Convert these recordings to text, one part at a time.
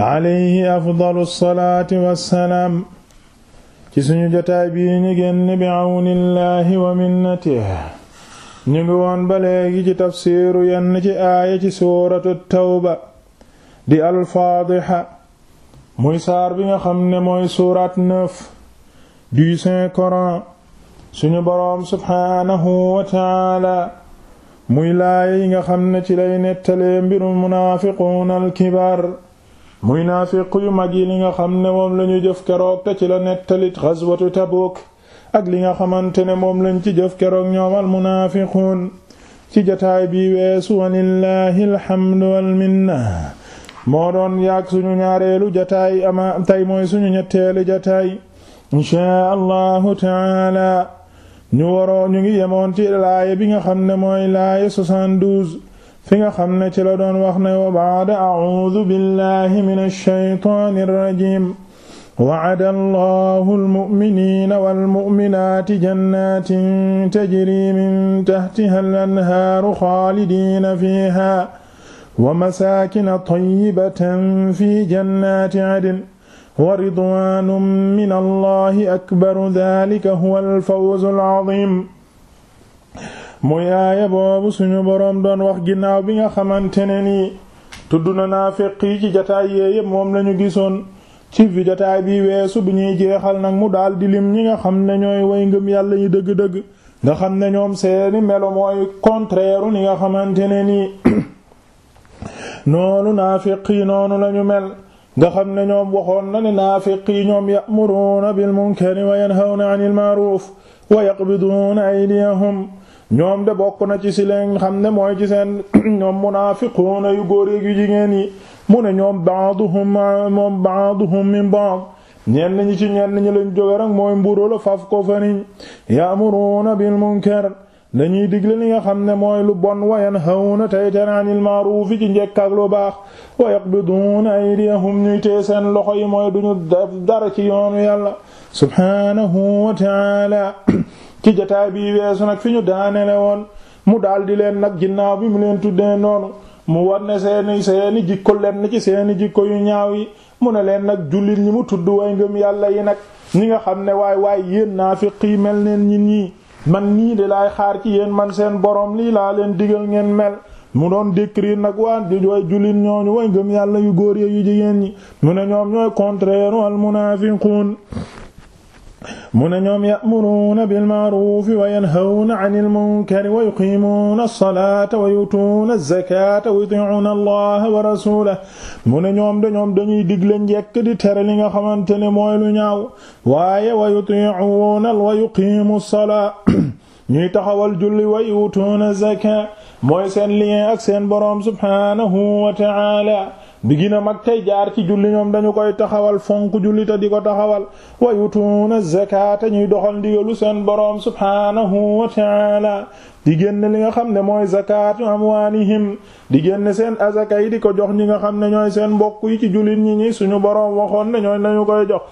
alayhi afdalu salaati wassalaam ci suñu jotaay bii ñi génn bi awnillahi wa minnatihi ñu ngi woon ba léegi ci tafsiiru yenn ci aaya ci suuratu tawba di alfaadixa muy saar bi nga xam ne mooy suuraat neuf du Saint Coran suñu boroom subhaanahu wa taala muy laaya yi nga xam ne ci lay nettalee mbiru munaafiquuna alkibaar muy naafiq yu mag yi li nga xam ne moom la ñu jof keroog te ci la nettalit ghazwatu Tabuk ak li nga xamante ne moom lañ ci jof keroog ñoom al munaafiquun ci jataay bi weesu walillahi alhamdu wal minna moo doon yaag suñu ñaareelu jataay ama tey mooy suñu ñetteelu jataay inchaa allahu taala ñu waroo ñu ngi yemoon ci laaye bi nga xam ne mooy laaye 72 fi nga xam ne ci la doon wax ne wa ba'da a'uudu billahi minash shaytaanir rajiim wa'ada allahu almu'miniina walmu'minaati jannaatin tajrii min tahtiha al-anhaaru xaalidiina fiihaa wa masaakina tayyibatan fi jannaati adnin wa ridwaanun min allahi akbaru dhaalika huwa al-fawzu al-'aziim muy aaya boobu suñu boroom doon wax ginnaaw bi nga xamante ne nii tudd na naafiq yi ci jataay yee yépp moom lañu gisoon ci bi jataay bi weesu bi ñuy jeexal nag mu daldi lim ñi nga xam ne ñooy way ngëm yàlla yi dëgg-dëgg ne ñoom seeni melo mooy contraire nga xamante ne nii noonu naafiq yi noonu nga xam ne ñoom waxoon na ne naafiq yi ñoom ya'muruna bil munkari wa yanhawna 'anil ma'ruf wa yaqbiduna aydiyahum ñoom de bokk na ci si leen xam ne mooy ci seen ñoom munaafiquna yu góor yu jigéen yi mu ne ñoom ba'duhum moom ba'duhum min ba'd ñenn ñi ci ñenn ñi lañ jóge rek mooy mburu la faf ko faniñ ya'muruna bil munkar dañuy digle li nga xam ne mooy lu bon wa yanhawna tey teraanil maaruufi ci njekk ak lu baax wa yaqbiduuna aydiyahum ñuy tee seen loxo yi mooy duñu def dara ci yoonu yàlla subhaanahu wa ta'ala ci jotaay bi weesu nag fi ñu daanele woon mu daldi leen nag ginnaaw bi mu leen tuddee noonu mu war ne seeni seeni jikko leen ci seeni jikko yu ñaaw yi mu ne leen nag jullit ñi mu tudd way ngëm yàlla yi nag ñi nga xam ne waay waay naa fi yi mel neen ñin ñii man nii de lay xaar ci yéen man seen borom lii laa leen digal ngeen mel mu doon décrire nag waa way jullit ñooñu way ngëm yàlla yu góor yu jigéen ñi mu ne ñoom ñooy contraire al munaafiquun mu ne ñoom ya'muruuna bil ma'ruufi wa yanhawna 'anil munkari wa yuqiimuuna as-salaata wa yu'tuuna az-zakaata wa yutii'uuna allaha wa rasuulahu mu ne ñoom de ñoom dañuy digle njekk di tere li nga xamante ne mooy lu ñaaw waaye wa yutii'uuna wa yuqiimu as-salaata ñuy taxawal julli wa yu'tuuna az-zakaata mooy seen lien ak seen boroom subhaanahu wa ta'aala bi gën a mag tey jaar ci julli ñoom dañu koy taxawal fonk julli di ko taxawal wa yutuuna zakata ñuy doxal ndigalu seen boroom subhanahu wa taala di génn li nga xam ne mooy zakatu amwaanihim di génn seen azaka yi di ko jox ñi nga xam ne ñooy seen mbokk yi ci jullit ñi ñi suñu boroom waxoon ne ñooy nañu koy jox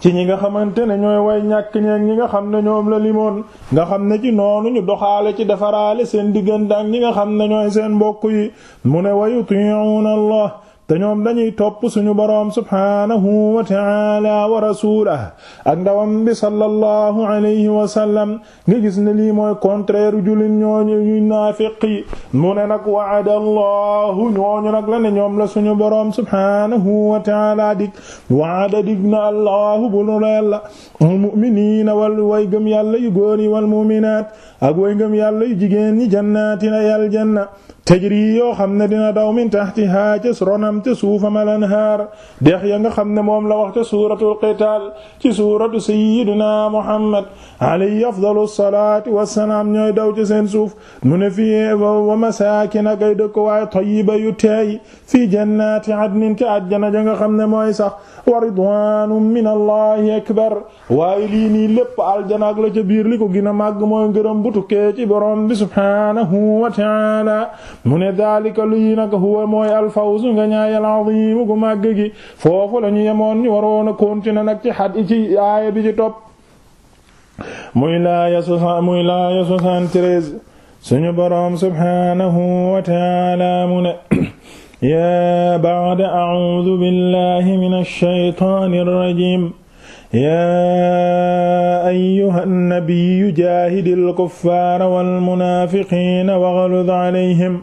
ci ñi nga xamante ne ñooy way ñàkk ñeeg ñi nga xam ne ñoom la limoon nga xam ne ci noonu ñu doxaale ci defaraale seen diggante ak ñi nga xam ne ñooy seen mbokk yi mu ne wa yuti'una Allah te ñoom dañuy topp suñu boroom subhaanahu wa ta'ala wa rasuulahu ak ndawam bi sallallahu alayhi wa sallam nga gis ni lii mooy contraire julin ñooñu ñuy naafiq yi mu ne nag wa'ada ñooñu nag la ne ñoom la suñu boroom subhaanahu wa ta'ala dig wa'ada dig na allahu bu nu leel la mu'miniina wal way gëm yàlla yu góor yi wal ak way gëm yàlla yu jigéen ñi jannaatina yal janna tajri yoo xam ne dina daw min tahtiha ca ronam ca suufam al-anhaar deex ya nga xam ne moom la wax ca suuratul qitaal ci suuratu sayyidina Muhammad alayhi afdalu salaati wassalaam ñooy daw ci seen suuf mu ne fii wa masaakina gay dëkk waaye tayyiba yu teey fii jannaati adnin ca àjjana ja nga xam ne mooy sax wa ridwaanun min allahi akbar waaye lii lépp aljana la ca biir li ko gën a màgg mooy ngërëm bu tukkee ci huwa mooy alfawzu nga ñaay alazimu gu màgg gi foofu la ñu yemoon ñu a continuer nag ci xat ci aaya bi ci topp muy laaya muy laaya 73 suñu borom subhanahu yaa ba'da a'uudu billahi minash shaytaanir rajiim yaa ayyuhan nabiyyu jaahidil kuffaara wal munaafiqiina waghluz alayhim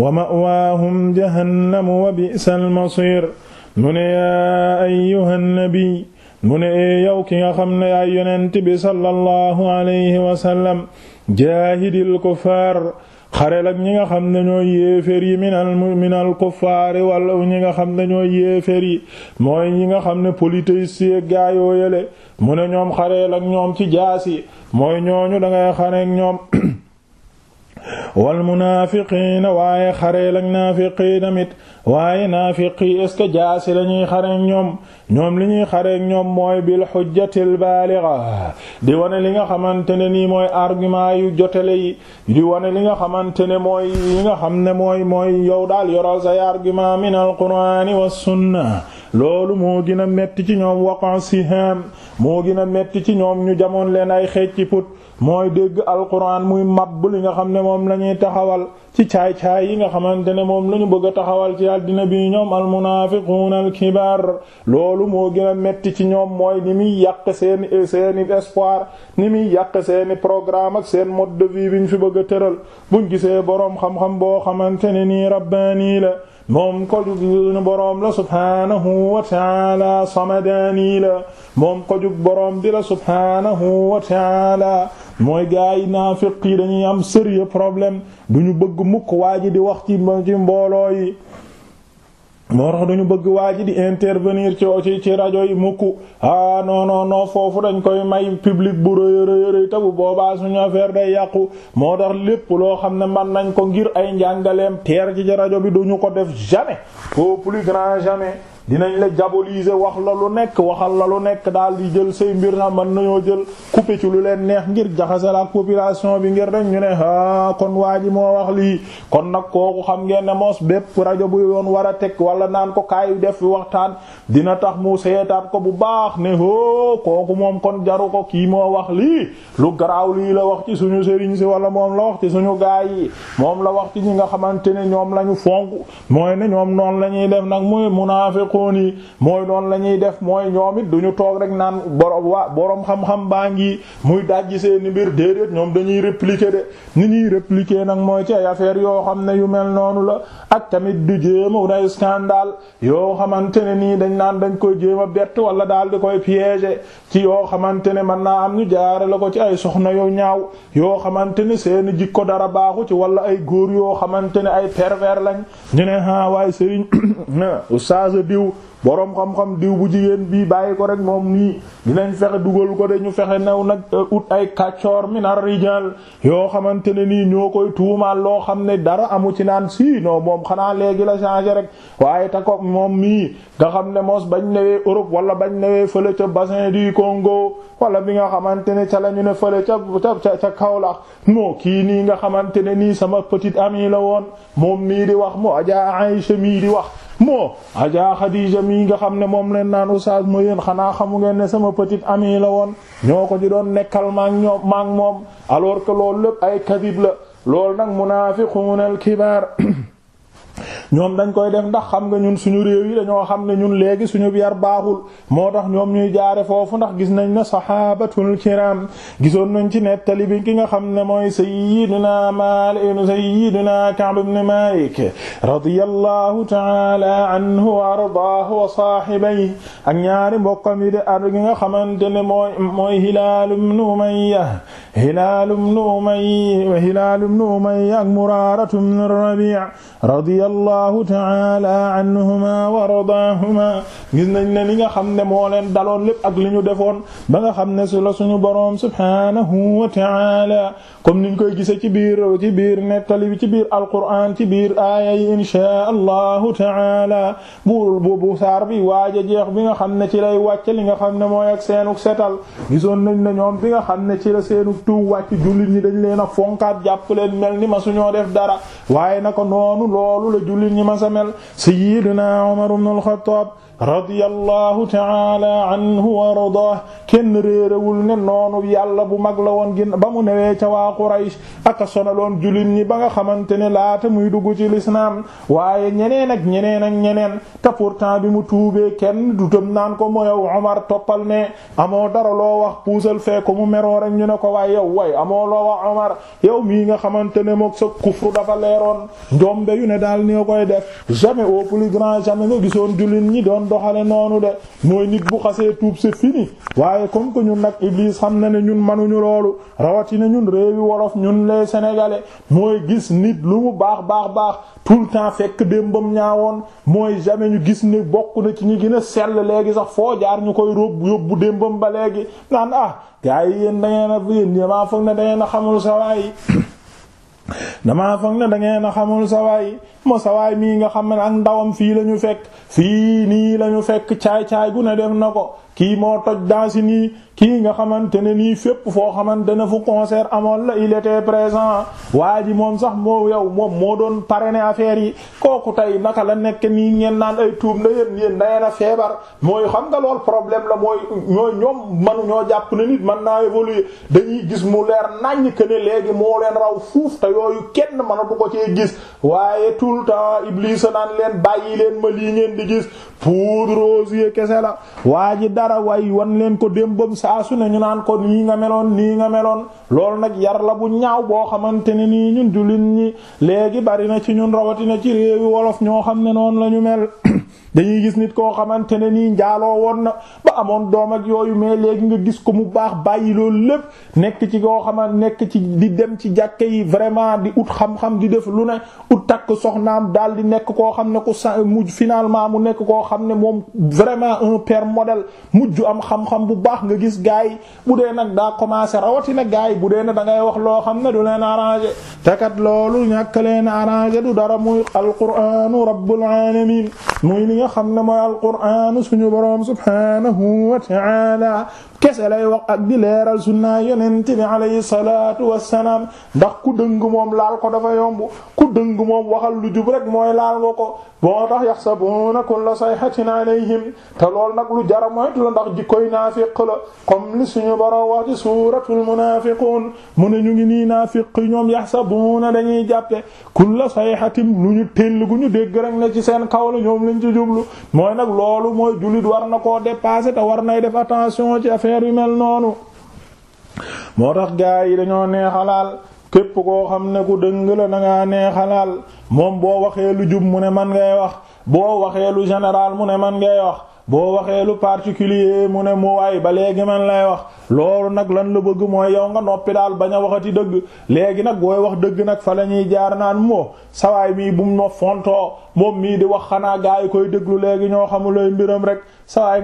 wa ma'waahum jahannamu wa bi'sal masiir mu ne yaa ayyuhan nabiyyu mu ne ee yow ki nga xam ne yaa yonent bi sallallahu alayhi wa sallam jaahidil kuffaar xareel ak ñi nga xam ne ñooy yéeféer yi minal minal kuffaari wala ñi nga xam ne ñooy yéeféer yi mooy ñi nga xam ne polythéistes gaayoo yele mu ne ñoom xareel ak ñoom ci jaas yi mooy ñooñu dangay xare ñoom wal munaafiqiina waaye xareel ak naafiqi tamit waaye naafiqi est-ce que jaasi lañuy xareek ñoom ñoom li ñuy xareek ñoom mooy bil xujjatil baaliga di wane li nga xamante ne nii mooy argument yu jotele yi di wane li nga xamante ne mooy yi nga xam ne mooy mooy yow daal yoral say argument min al qur'aani sunna loolu moo gën a metti ci ñoom waqan siham moo gën a metti ci ñoom ñu jamoon leen ay xecci put mooy dégg alquran muy mabb li nga xam ne moom la ñuy taxawal ci caay-caay yi nga xamante ne moom la ñu bëgg a taxawal ci àddina bi ñoom almunaafiquun alkibar loolu moo gën a metti ci ñoom mooy ni muy yàq seeni seeni espoir ni muy yàq seeni programme ak seen mode de vie bi ñu fi bëgg a tëral buñ gisee boroom xam-xam boo xamante ne nii nii la moom ko jug boroom la subhaanahu wa ta'ala samadaani la moom ko jug boroom di la subhaanahu wa ta'ala mooy gaay yi naafiq yi dañuy am sérieux problème ñu bëgg mukk waa ji di wax ci ci mbooloo yi moo tax dañu bëgg waa ji di intervenir ci ci ci rajo yi mukk ah non non non foofu dañ koy may public bu rëy rëy rëy te bu boobaa suñu affaire day yàqu moo tax lépp loo xam ne man nañ ko ngir ay njàngaleem teer ci ci rajo bi duñu ko def jamais au plus grand jamais dinañ la diaboliser wax la lu nekk waxal la lu nekk daal di jël say mbir na mën nañoo jël couper ci lu leen neex ngir jaxase la ak bi ngir rek ñu ne a ah, kon waa ji moo wax lii kon nag kooku xam ngeen ne moos bépp rajo bu yoon war a teg wala naan ko kaay def fi waxtaan dina tax mu seetaat ko bu baax ne hoo kooku moom kon jaru ko kii moo wax lii lu garaaw lii la wax ci suñu sëriñ si wala moom la wax ci suñu gaay yi moom la wax ci ñi nga xamante ne ñoom la ñu fasiqun yi mooy noonu la ñuy def mooy ñoom it duñu toog rek naan borom waa borom xam-xam baa ngi muy dajji seeni mbir déedéet ñoom dañuy répliquer de ni ñuy répliquer nag mooy ci ay affaire yoo xam ne yu mel noonu la ak tamit du jéema day scandale yoo xamante ne nii dañ naan dañ koy jéem a bett wala daal di koy piéger ci yoo xamante ne mën naa am ñu jaare la ko ci ay soxna yu ñaaw yoo xamante ne seen jikko dara baaxu ci wala ay góor yoo xamante ne ay pervers lañ ñu ne ha ah, waaye Serigne oustaz diw boroom xam-xam diw bu jigéen bii bàyyi ko rek moom nii dinañ fexe dugal ko de ñu fexe naw nag euh, ut ay kàccoor minar rijal yoo xamante ne nii ñoo koy tuumaal loo xam ne dara amu ci naan si non moom xanaa léegi la changé rek waaye ta ko moom mii nga xam ne mos bañ newee Europe wala bañ newee fële ca bassin du Congo wala bi nga xamante ne ca la ñu ne fële ca ca ca Kaolack non kii nii nga xamante ne nii sama petite amie la woon moom mii di wax mu Adja Aïcha mii di wax moo Adja Khadija mii nga xam ne moom leen naan oustaz mo yéen xanaa xamu ngeen ne sama petite amie la woon ñoo ko ci doon nekkal maak ñoom maak moom alors que loolu lépp ay kadib la lool nag munaafiquun al kibaar ñoom dañ koy def ndax xam nga ñun suñu réew yi dañoo xam ne ñun léegi suñu yar baaxul moo tax ñoom ñuy jaare foofu ndax gis nañ ne sahabatul kiram gisoon nañ ci nettali bi ki nga xam ne mooy sayyidina Maalik sayyidina Ka'b ibn Maalik radiyallahu ta'ala anhu wa ardaahu wa saahibayhi ak ñaari mbokkam yi de ar gi nga xamante ne mooy mooy Hilaal ibn Umayya Hilaal ibn ak Muraara ibn Rabi' allahu taala anhuma wa radahuma gis nañ ne li nga xam ne moo leen daloon lépp ak li ñu defoon ba nga xam ne su la suñu boroom subhanahu wa taala comme niñ koy gise ci biir ci biir nettali bi ci biir alquran ci biir aaya yi inchaa allahu taala bu bu bu saar bi waaj a jeex bi nga xam ne ci lay wàcc li nga xam ne mooy ak seenuk setal gisoon nañ ne ñoom bi nga xam ne ci la seenuk tuub wàcc jullit ñi dañ leen a fonkaat jàpp leen mel ni ma suñoo def dara waaye naka noonu loolu la jullit jullit ñi ma sa mel sayyidina Umar ibn al-Khattab radiyallahu taala anhu wa ardaah kenn réeréwul ne noonu yàlla bu mag la woon gin ba mu newee ca waa Quraysh aka sonaloon julin ñi ba nga xamante ne laata muy dugg ci lislaam waaye ñeneen ak ñeneen ak ñeneen te pourtant bi mu tuubee kenn du tëm naan ko moyow Omar toppal ne amoo dara loo wax puusal fee ko mu meroon rek ñu ne ko waaye yow way amoo loo wax Omar yow mii nga xamante ne mook sa kufru dafa leeroon njombe yu ne daal ni nga koy def jamais au plus grand jamais doon doxale noonu de mooy nit bu xasee tuub c'est fini waaye comme que ñun nag Iblis xam na ne ñun manuñu loolu na ñun réewi wolof ñun les sénégalais mooy gis nit lu mu baax baax baax tout le temps fekk démbam ñaawoon mooy jamais ñu gis ne bokk na ci ñu gën a sell léegi sax foo jaar ñu koy rob yóbbu démbam ba léegi naan ah gaa yi yéen a yéen maa foog ne da ngeen a xamul sa waay damaa foog ne da ngeen a xamul sa waay moo sa mii nga xam ne ak ndawam fii la ñu fekk fii nii lañu fekk caay-caay gu ne na ko kii moo toj dansi nii kii nga xamante ne nii fépp foo xamante ne fu concert amoon la il était présent waa ji moom sax moo yow moom moo doon ne affaire yi kooku tey naka la nekk nii ngeen naan ay tuub na yéen yéen dayeen a feebar mooy xam nga lool problème la mooy ñooy ñoom manu ñoo jàpp ne nit mën naa évoluer dañuy gis mu leer naññ que ne léegi moo leen raw fuuf te yooyu kenn tout le temps Iblis naan leen bàyyi leen ma lii ngeen di gis poudre aux yeux kese la waa ji dara way wan leen ko démbam saa su ne ñu naan ko nii nga meloon nii nga meloon lool nag yar la bu ñaaw boo xamante ne nii ñun jullit ñi léegi bari na ci ñun rawatina ci réewi wolof ñoo xam ne noonu la ñu mel. dañuy gis nit koo xamante ne nii njaaloo woon na ba amoon doom ak yooyu mais léegi nga gis ko mu baax bàyyi loolu lépp nekk ci koo xamante nekk ci di dem ci jàkke yi vraiment di ut xam-xam di def lu ne ut takk soxnaam daal di nekk koo xam ne ku sa mujj finalement mu nekk koo xam ne moom vraiment un père modèle mujj am xam-xam bu baax nga gis gars yi bu dee nag daa commencé rawatina gars yi bu dee ne da ngay wax loo xam ne du leen arrangé te loolu ñàkk leen arrangé du dara muy alquranu rabbul nga xam ne mooy alquraan suñu boroom subhaanahu wa ta'ala kese lay wax ak di leeral sunna yonent bi alayhi salaatu wassalaam ndax ku dëng moom laal ko dafa yomb ku dëng moom waxal lu jub rek mooy laal nga ko boo tax yaxsabuuna kulla sayhatin alayhim te lool nag lu jara moytu la ndax jikkoy naafiq la comme li suñu boroom wax ci suuratul munaafiquun mu ne ñu ngi nii naafiq ñoom yaxsabuuna dañuy jàppe kulla sayhatin lu ñu tell gu ñu dégg rek ne ci seen kaw la ñoom lañ ci jublu mooy nag loolu mooy jullit war na koo dépasser te war def attention ci affaire yu mel noonu moo tax gaa yi dañoo neexalaal képp koo xam ne ku dëng la da ngaa neexalaal moom boo waxee lu jub mu ne man ngay wax boo waxee lu général mu ne man ngay wax boo waxee lu particulier mu ne mu waay ba léegi man lay wax loolu nag lan la bëgg mooy yow nga noppi daal bañ a waxati dëgg léegi nag booy wax dëgg nag fa lañuy jaar naan moo sawaay mii bu ma fontoo moom mii di wax xanaa gaa yi koy déglu léegi ñoo xamul lay mbiram rek sawaay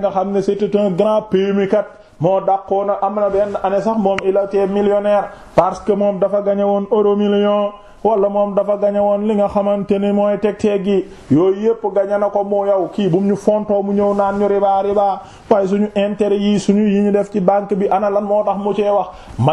moo dàqoona am na benn année sax moom il tee millionnaire parce que moom dafa gagné woon euro million wala moom dafa gañe woon li nga xamante ni mooy teg-teeg gi yooyu yépp gañe na ko mu yow kii bu ñu fontoo mu ñëw naan ñu riba riba waaye suñu intérêt yi suñu yi ñu def ci banque bi ana lan moo tax mu cee wax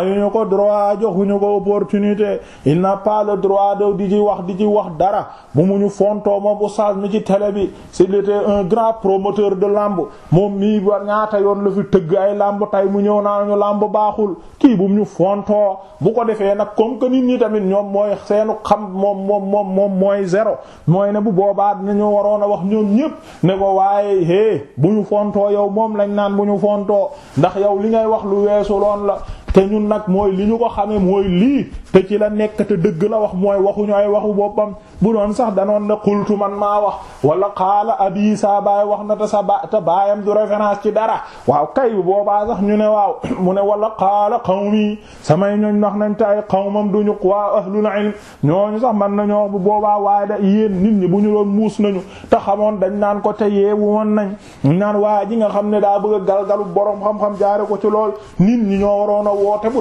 ñu ko droit joxuñu ko opportunité il n'a pas le droit de di ci wax di ci wax dara bu mu ñu fontoo moom oustaz mi ci tele bi c'était un grand promoteur de lamb moom mii ba ñaata yoon la fi tëgg ay lamb tay mu ñëw naa ñu lamb baaxul kii bu mu ñu fontoo bu ko defee nag comme que nit ñi tamit ñoom mooy seenu xam moom moom moom moom mooy zéro mooy ne bu boobaa dinañu waroon a wax ñoom ñépp ne ko waaye hé bu ñu fontoo yow moom lañ naan bu ñu fontoo ndax yow li ngay wax lu weesu loon la te ñun nag mooy li ñu ko xamee mooy lii te ci la nekk te dëgg la wax mooy waxuñu ay waxu boppam bu doon sax danoon na xultu man maa wax wala xaala abi saa baay wax na ta sa ba te baayam du référence ci dara waaw kay bu boobaa sax ñu ne waaw mu ne wala xaala xawmi sama ñooñ wax nañ te ay xawmam duñu waa ahlul ilm ñooñu sax man nañoo bu boobaa waaye da nit ñi bu ñu doon muus nañu te xamoon dañ naan ko te yeewu woon nañ naan waa ji nga xam ne daa bëgg a galgalu borom xam-xam jaare ko ci lool nit ñi ñoo waroon a woote bu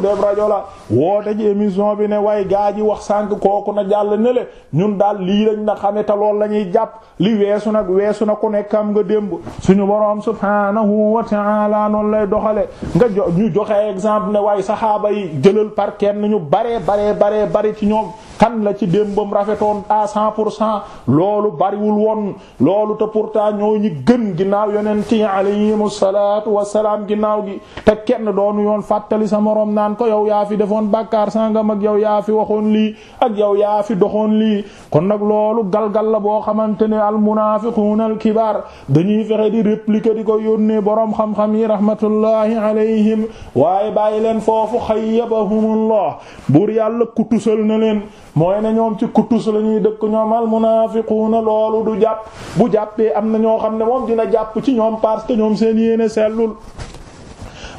ji émission fi ne waaye gaa ji wax sànq kooku na jàll ne le ñun daal lii lañ na xame te lool la ñuy jàpp li weesu nag weesu na ku nekk am nga démb suñu boroom subhanahu wa ta'ala noonu lay doxale nga jo ñu joxe exemple ne waaye saxaaba yi jëlal par kenn ñu baree baree baree bari ci ñoom kan la ci démbam rafetoon à cent pour cent loolu bariwul woon loolu te pourtant ñoo ñi gën ginnaaw yonent yi alayhimu salaatu wassalaam ginnaaw gi te kenn doonu yoon fàttali sa moroom naan ko yow yaa fi defoon bàkkaar sangam ak yow yaa fi waxoon lii ak yow yaa fi doxoon lii kon nag loolu galgal la boo xamante ne al munaafiquun al kibaar dañuy fexe di répliquer di ko yónnee boroom xam-xam yi rahmatullahi alayhim waaye bàyyi leen foofu xayyabahumullah buur yàlla ku tusal na leen mooy ne ñoom ci kutus la ñuy dëkk ñoom al munaafiquuna loolu du jàpp bu jàppee am na ñoo xam ne moom dina jàpp ci ñoom parce que ñoom seen yéene sellul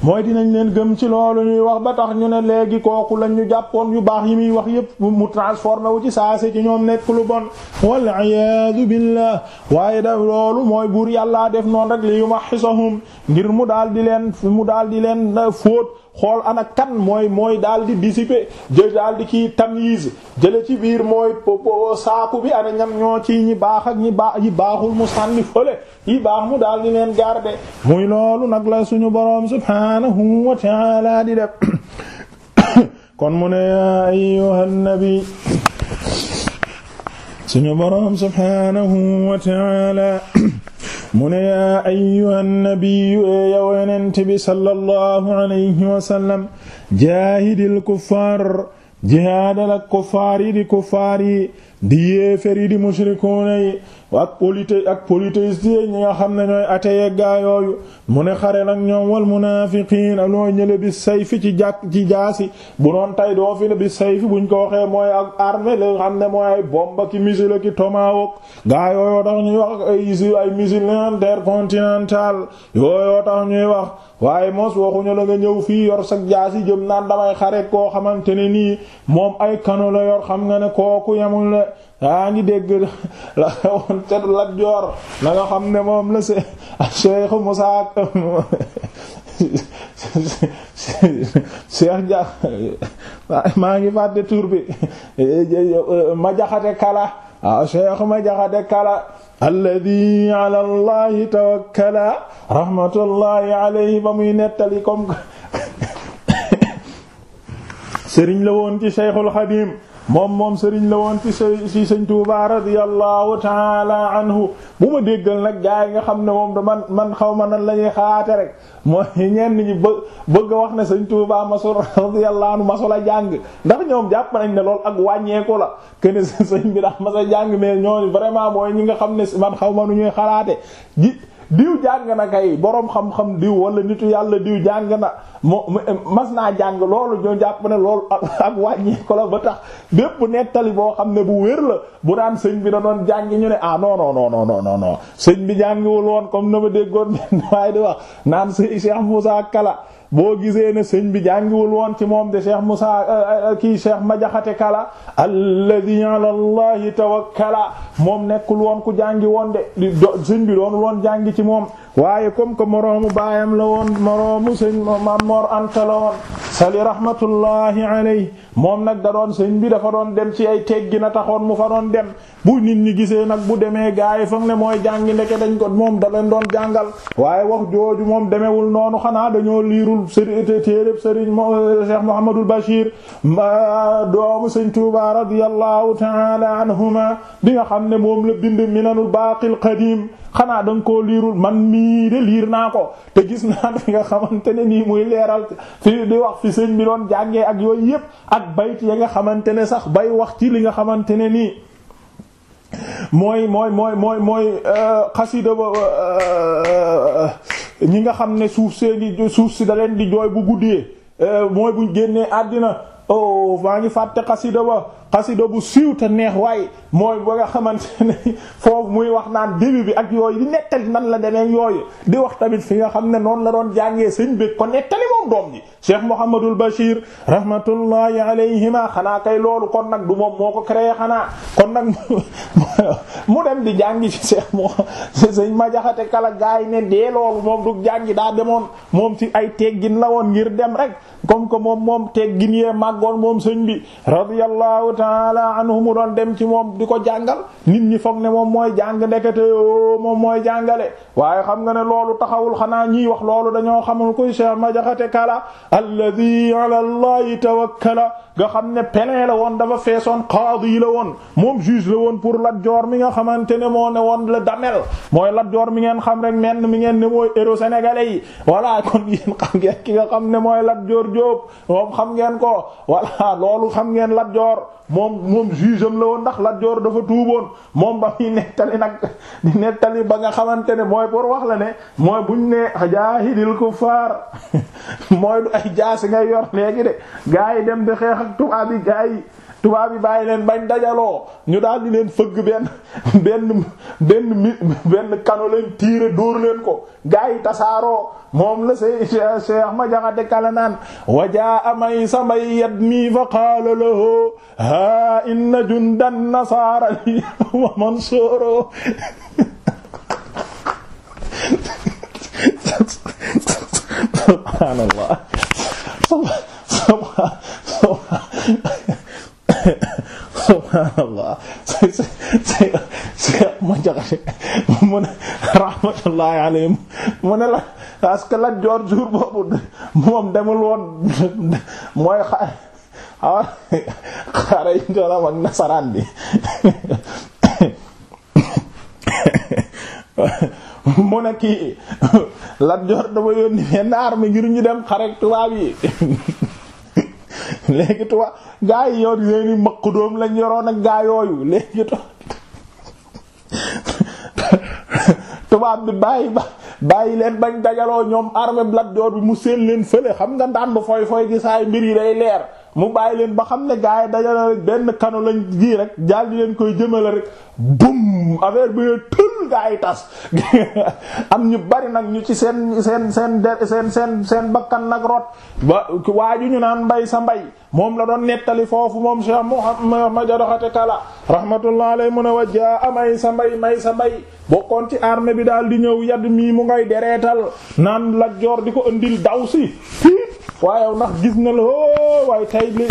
mooy dinañ leen gëm ci loolu ñuy wax ba tax ñu ne léegi kooku lañ ñu jàppoon yu baax yi muy wax yépp mu transformé wu ci saase ci ñoom nekk lu bon wal iyaadu billah waaye da loolu mooy buur yàllaa def noonu rek li yumaxisahum ngir mu daal di leen mu daal di leen uh, fóot xool ana kan mooy mooy daal di dissiper jë daal kii tamyiz jële ci biir mooy saaku bi ana ñam ñoo ci ñi baax ak ñi baaxul mu sànni fële yi baax mu daal di leen muy loolu nag la suñu boroom subhanahu wa ta'ala di def kon mu ne yaa ayyuhan nabi suñu boroom subhanahu wa mu ne yaa ayyuha nnabiyu ee yow yonent bi sallallahu alayhi wa sallam jaahidil kuffaar jihaadal ak kuffaar yi di kuffaar yi di yéefér yi di mushrikuuna yi ak polité ak polythéistes ñi nga xam ne ñooy ateye gaa mu ne xare nag ñoom wal munaafiqiin looy ñële bi sayfi ci jàkk ci jaasi bu doon tay doo fi ne bi sayfi buñ ko waxee mooy ak armée la xam ne mooy ay bomba ki missile ki tomahawk gaa yooyu tax ñuy wax ay missile intercontinental yooyu tax ñuy wax waaye mos waxuñu la nga ñëw fii yor sa jaasi jëm naan damay xare koo xamante ne nii moom ay kano la yor xam nga ne kooku yamul la ah ngi dégg la woon ca Lat Joor la nga xam ne moom la see Cheikh Moussa Cheikh maa ngi fàtte tur bi ma jaxate kala ah Cheikh ma jaxate kala alladi ala allahi tawakkala rahmatullahi alayhi ba muy nettali comme sëriñ la woon ci Cheikhul moom moom sëriñ la woon ci ci sëñ Tuubaa radiyallahu taala anhu bu ma déggal nag gaa yi nga xam ne moom da man man xaw ma nan la ñuy xalaate rek moo mooy ñenn ñi bë bëgg wax na sëñ Tuubaa masul radiyallahu anhu masul a jàng ndax ñoom jàpp nañ ne lool ak wàññeeku la kene sëñ bi daa mas a jàng mais ñooñu vraiment mooy ñi nga xam ne man xaw ma nu ñuy xalaate gi diw jàng na kay boroom xam-xam diw wala nitu yàlla diw jàng na moo mas naa jàng loolu ñoo jàpp ne loolu ak wàññi ko la ba tax bépp nettali boo xam ne bu wér la bu daan sëñ bi da doon jàngi ñu ne ah non non non non non non sëñ bi jàngiwul woon comme na ma déggoon benn waaye di wax naan sëñ Cheikh Moussa Kala. boo gisee ne sëñ bi jàngiwul woon ci moom de cheikh Moussa euh, euh, kii cheikh Majaxate Kala alladhi ala allahi kala moom nekkul woon ku jàngi woon de sëñ bi doonul woon jàngi ci moom waaye comme que moroomu baayam la woon moroomu sëñ Maam Mor Anta la woon sali rahmatullahi alayhi moom nag da doon sëñ bi dafa doon dem ci ay teggi na taxoon mu fa doon dem bu nit ñi gisee nag bu demee gaay foog ne mooy jàngi ndeke dañ ko moom da leen doon jàngal waaye wax jooju moom demewul noonu xanaa dañoo liirul sëriñ téereb sëriñ Cheikh Mouhamadul Bachir doomu sëñ Touba radiyallahu ta'ala anhuma bi nga xam ne moom la bind Minanul Baaqil Qadiim xanaa da nga koo liirul man mii de liir naa ko te gis naa fi nga xamante ne nii muy leeral fi di wax fi sëñ bi doon jàngee ak yooyu yépp ak bayt ya nga xamante ne sax bay wax ci li nga xamante mooy mooy mooy mooy mooy euh, xasida ba euh, euh, ñi nga xam ne suuf seeni suuf si da leen di jooy bu guddee mooy bu génnee àddina oh maa ngi fàtte xasida ba xasida bu siiw te neex waaye mooy ba nga xamante ne foofu muy wax naan début bi ak yooyu di nettali nan la demee yooyu di wax tamit fi nga xam ne noonu la doon jàngee sëñ bi ko nettali moom doom ji Cheikh Bachir rahmatullahi alayhima xanaa kay loolu kon nag du moo ko créé xanaa kon nag mu di jàngi ci Cheikh moo kala gaay ne dee loolu moom du jàngi daa demoon moom ci ay teggin la woon ngir dem rek comme que moom moom teggin yee màggoon moom sëñ bi radiyallahu taala anhu mu doon dem ci moom di ko jàngal nit ñi foog ne moom mooy jàng ndekete yoo moom mooy jàngale waaye xam nga ne loolu taxawul xanaa ñiy wax loolu dañoo xamul kuy Cheikh ma jaxate kala alladhi ala allahi tawakkala nga xam ne pelin la woon dafa feesoon qaadi la woon moom juge la woon pour Lat Joor mi nga xamante ne moo ne woon la damel mooy Lat Joor mi ngeen xam rek menn mi ngeen ne mooy héros yi voilà kon yéen xam ngeen ki nga xam ne mooy Lat Joor Jóob moom xam ngeen ko voilà loolu xam ngeen Lat Joor moom moom juge am la woon ndax Lat Joor dafa tuuboon moom ba muy nettali nag di nettali ba nga xamante ne mooy pour wax la ne mooy buñ ne jaahidil kuffaar mooy du ay jaasi ngay yor léegi de gaa yi dem di xeex ak tubaab yi gaa yi tubaab yi bàyyi leen dajaloo ñu daal di leen fëgg benn benn benn kano leen tiire dóor leen ko gaa yi moom la say cheikh ma jaxate kala naan wajaa may samay yat mii fa qaala lahu ha inna jundan nasaara li wa mansuro subhaanallah subhaanallah ma jaxate mu ne rahmatullahi alayhim mu ne la parce que la joor jour boobu moom demul woon mooy xaar xaar xaare ak nasaraan bi mu ne kii la joor dama yónni benn armée ngir ñu dem xare tubaab yi léegi tubaab gaa yi yor seeni mëq doom lañ yoroon ak gaa yooyu léegi tubaab bi bàyyi ba bàyyi leen bañ dajaloo ñoom armée Lat Joor bi mu seen leen fële xam nga ndànd fooy fooy gi saay mbir yi day leer mu bàyyi leen ba xam ne gars yi dajale rek benn kano lañ ji rek daal di leen koy jëmale rek bum affaire bi ne tël gars tas am ñu bari nag ñu ci seen seen seen seen seen seen bakkan nag rot waa ju ñu naan mbay sa mbay moom la doon nettali foofu moom Cheikh Mouhamed Jadoxate Kala rahmatullah alayhi mun a wajjaa may sa mbay may sa mbay bokkoon ci armée bi daal di ñëw yadd mii mu ngay dereetal naan la di ko ëndil daw waaye ndax gis na la oh, waaye tey li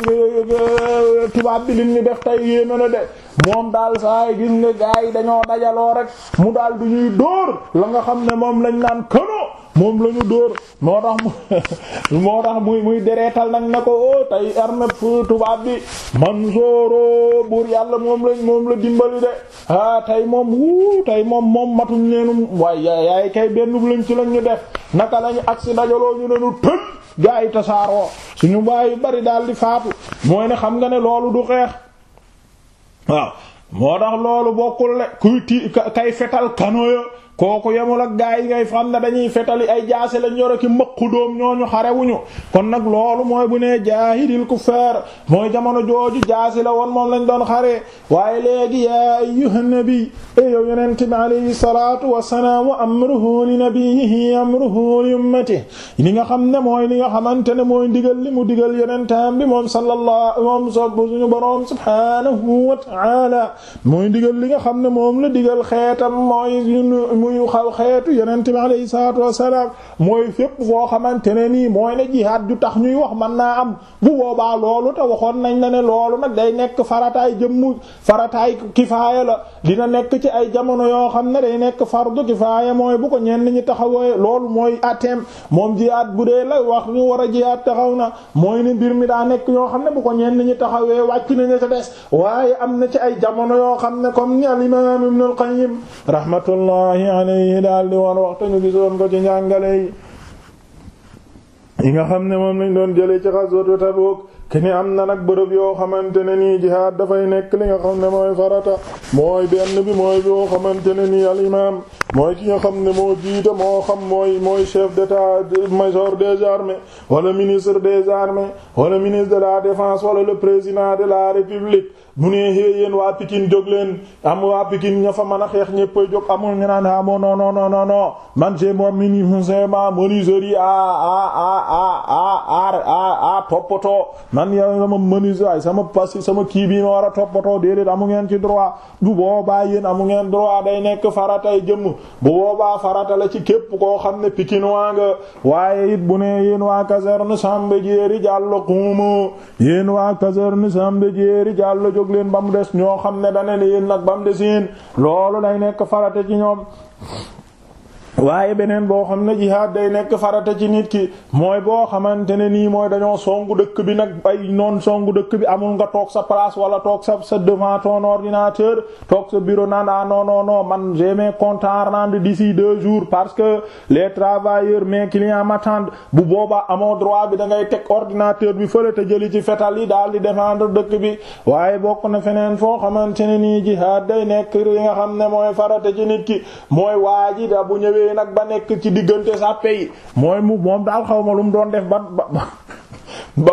tubaab bi lim ni def tey yéeme na de moom daal saay gis nga gars yi dañoo dajaloo rek mu daal du ñuy dóor la nga xam ne moom lañ naan këno moom la dóor moo tax moo tax muy muy dereetal nag oh, na ko o tey armée tubaab bi Mansooro buur yàlla moom lañ moom la dimbali de ah tey moom wuu tey moom moom matuñ neenum waaye yaay kay benn lañ ci lañ ñu def naka lañ agsi dajaloo ñu nenu tël gaa yi tasaaroo suñu baay yu bari daal di faatu mooy ne xam nga ne loolu du xeex waaw moo tax loolu bokkul ne kuy ti kay fetal kanoya kooku yemul ak gaa yi ngay xam ne dañuy fetali ay jaase la ñoro ki mëqu doom ñooñu xarewuñu kon nag loolu mooy bu nee jaahidil kuffaar mooy jamono jooju jaasi la woon moom lañ doon xare waaye léegi yaa ayyuhan nabi e yow yonent bi alayhi salaatu wassalaam wa amruhu li nabiyyihi amruhu li ummatihi li nga xam ne mooy li nga xamante ne mooy ndigal li mu digal yonentam bi moom sallallahu moom so suñu boroom subhanahu wa ta'ala mooy ndigal li nga xam ne moom la digal xeetam mooy muy xaw xeetu yonent bi alayhi salaatu wassalaam mooy fépp foo xamante ne nii mooy ne jihaad ju tax ñuy wax man naa am bu boobaa loolu te waxoon nañ la ne loolu nag day nekk farataay jëmm farataay kifaaya dina nekk ci ay jamono yoo xam ne day nekk fardu kifaaya mooy bu ko ñenn ñi taxawee loolu mooy atem moom jihaad bu dee la wax ñu war a jihaad taxaw na mooy ni mbir mi daa nekk ñoo xam ne bu ko ñenn ñi taxawee wàcc nañu ca des waaye am na ci ay jamono yoo xam ne comme ni al imaam Ibn al-Qayyim rahmatullahi alayhi daal di woon waxtu ñu gisoon ko ci njàngale yi. nga xam ne moom lañ doon jëlee ci ghazwatu Tabuk kene am na nag bërëb yoo xamante ne nii jihaad dafay nekk li nga xam ne mooy farata mooy benn bi mooy boo xamante ne nii al imaam mooy ki nga xam ne moo jiite moo xam mooy mooy chef d'état major des armées wala ministre des armées wala ministre de la défense wala le président de la république mu ne yéen waa Pikine jóg leen am waa Pikine ña fa mën a xeex ñëpp jóg amul ñu naan ah non non non non non man c'est mon ministre ma menuiserie a a a a a toppatoo man yaa sama menuiserie sama pasi sama kii bi ma war a toppatoo déedéet amu ngeen ci droit bu boobaa yéen amu ngeen droit day nekk faratay jëmm bu boobaa farata la ci képp koo xam ne pikinois nga waaye it bu ne yéen waa caserne Samba Diéry Diallo xuumoo yéen waa caserne Samba Diéry Diallo jóg leen ba mu des ñoo xam ne dane ne yéen nag ba mu des yéen loolu day nekk farata ci ñoom waaye beneen boo xam ne jihaad day nekk farata ci nit ki mooy boo xamante ne nii mooy dañoo songu dëkk bi nag ay noon songu dëkk bi amul nga toog sa place wala toog sa sa devant ton ordinateur toog sa bureau naan a ah, non non man j'ai mes comptes à rendre d'ici deux jours parce que les travailleurs mes clients m'attendent bu boobaa amoo droit bi da ngay teg ordinateur bi fële te jëli ci fetal yi daal di défendre dëkk bi waaye bokk na feneen foo xamante ne nii jihaad day nekk da liggéey nag ba nekk ci diggante sàppe yi mooy mu moom daal xaw ma lu mu doon def ba ba ba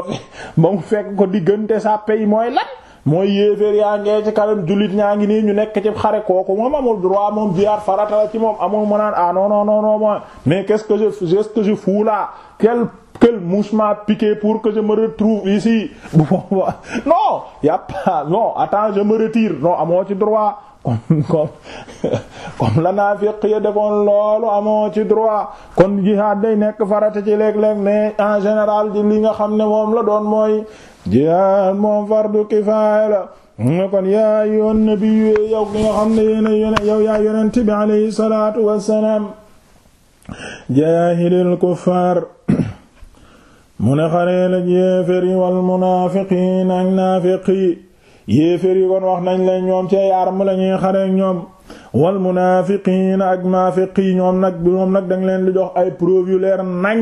mu fekk ko diggante sàppe yi mooy lan mooy yéeféer yaa ngee ci kanam jullit ñaa ngi nii ñu nekk ci xare kooku moom amul droit moom jiyaat farata la ci moom amul mu naan ah non non non mais quest que je qu'est-ce que je fous là quel m'a piqué pour que je me retrouve ici non y a pas non attends je me retire non amoo ci droit. comme comme comme la naafiq ya defoon loolu amoo ci droit kon jihaad day nekk farata ci léeg-léeg mais en général di li nga xam ne moom la doon mooy jihaad moom fardu kifaaya la nga kon yaa ayyuhan nabiyyu yow ki nga xam ne yéen yow yaa mu ne xaree la yéefér wal munaafiqiin ak naafiqi yéeféer yi kon wax nañ leen ñoom ci ay arme la ñuy xareek ñoom wal munaafiqiina ak naafiqi ñoom nag bi moom nag danga leen di jox ay preuve yu leer nañ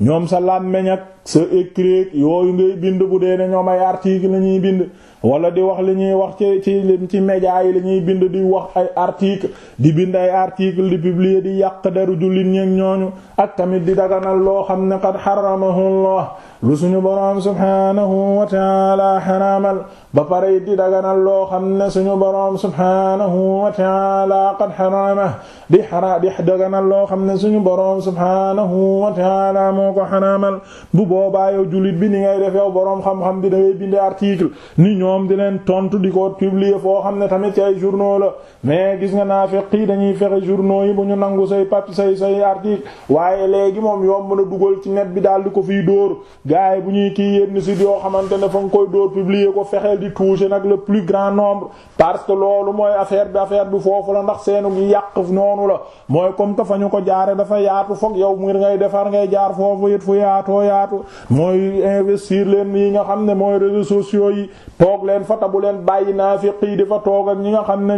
ñoom sa làmmeñ ak sa écrit yooyu ngay bind bu dee ne ñoom ay article la ñuy bind wala di wax li ñuy wax ci ci ci médias yi la ñuy bind di wax ay article di bind ay article di publier di yàq deru jullit ñeeg ñooñu ak tamit di daganal loo xam ne qad xaramahu Allah lu suñu boroom subhaanahu wa taala xaraamal ba pare di daganal loo xam ne suñu boroom subhaanahu wa taala qad xarama di xara di daganal loo xam ne suñu boroom subhaanahu wa taala moo ko xaraamal bu boobaa yow jullit bi ni ngay def yow boroom xam-xam bi da ngay binde article ni ñoom di leen tontu di ko publier foo xam ne tamit ci ay la mais gis nga naafiq yi dañuy fexe journaux yi bu ñu nangu say pap say say article waaye léegi moom yoom mën a dugal ci net bi daal di ko fiy dóor gars yi bu ñuy kii yenn si yoo xamante ne fa nga koy dóor publier ko fexeel di toucher nag le plus grand nombre parce que loolu mooy affaire bi affaire bi foofu la ndax seenu gi yàq noonu la mooy comme que fa ñu ko jaare dafa yaatu foog yow mu defar ngay jaar foofu it fu yaatoo yaatu mooy investir leen yi nga xam ne mooy réseaux sociaux yi toog leen fa ta leen bàyyi naafiq yi di fa toog ak ñi nga xam ne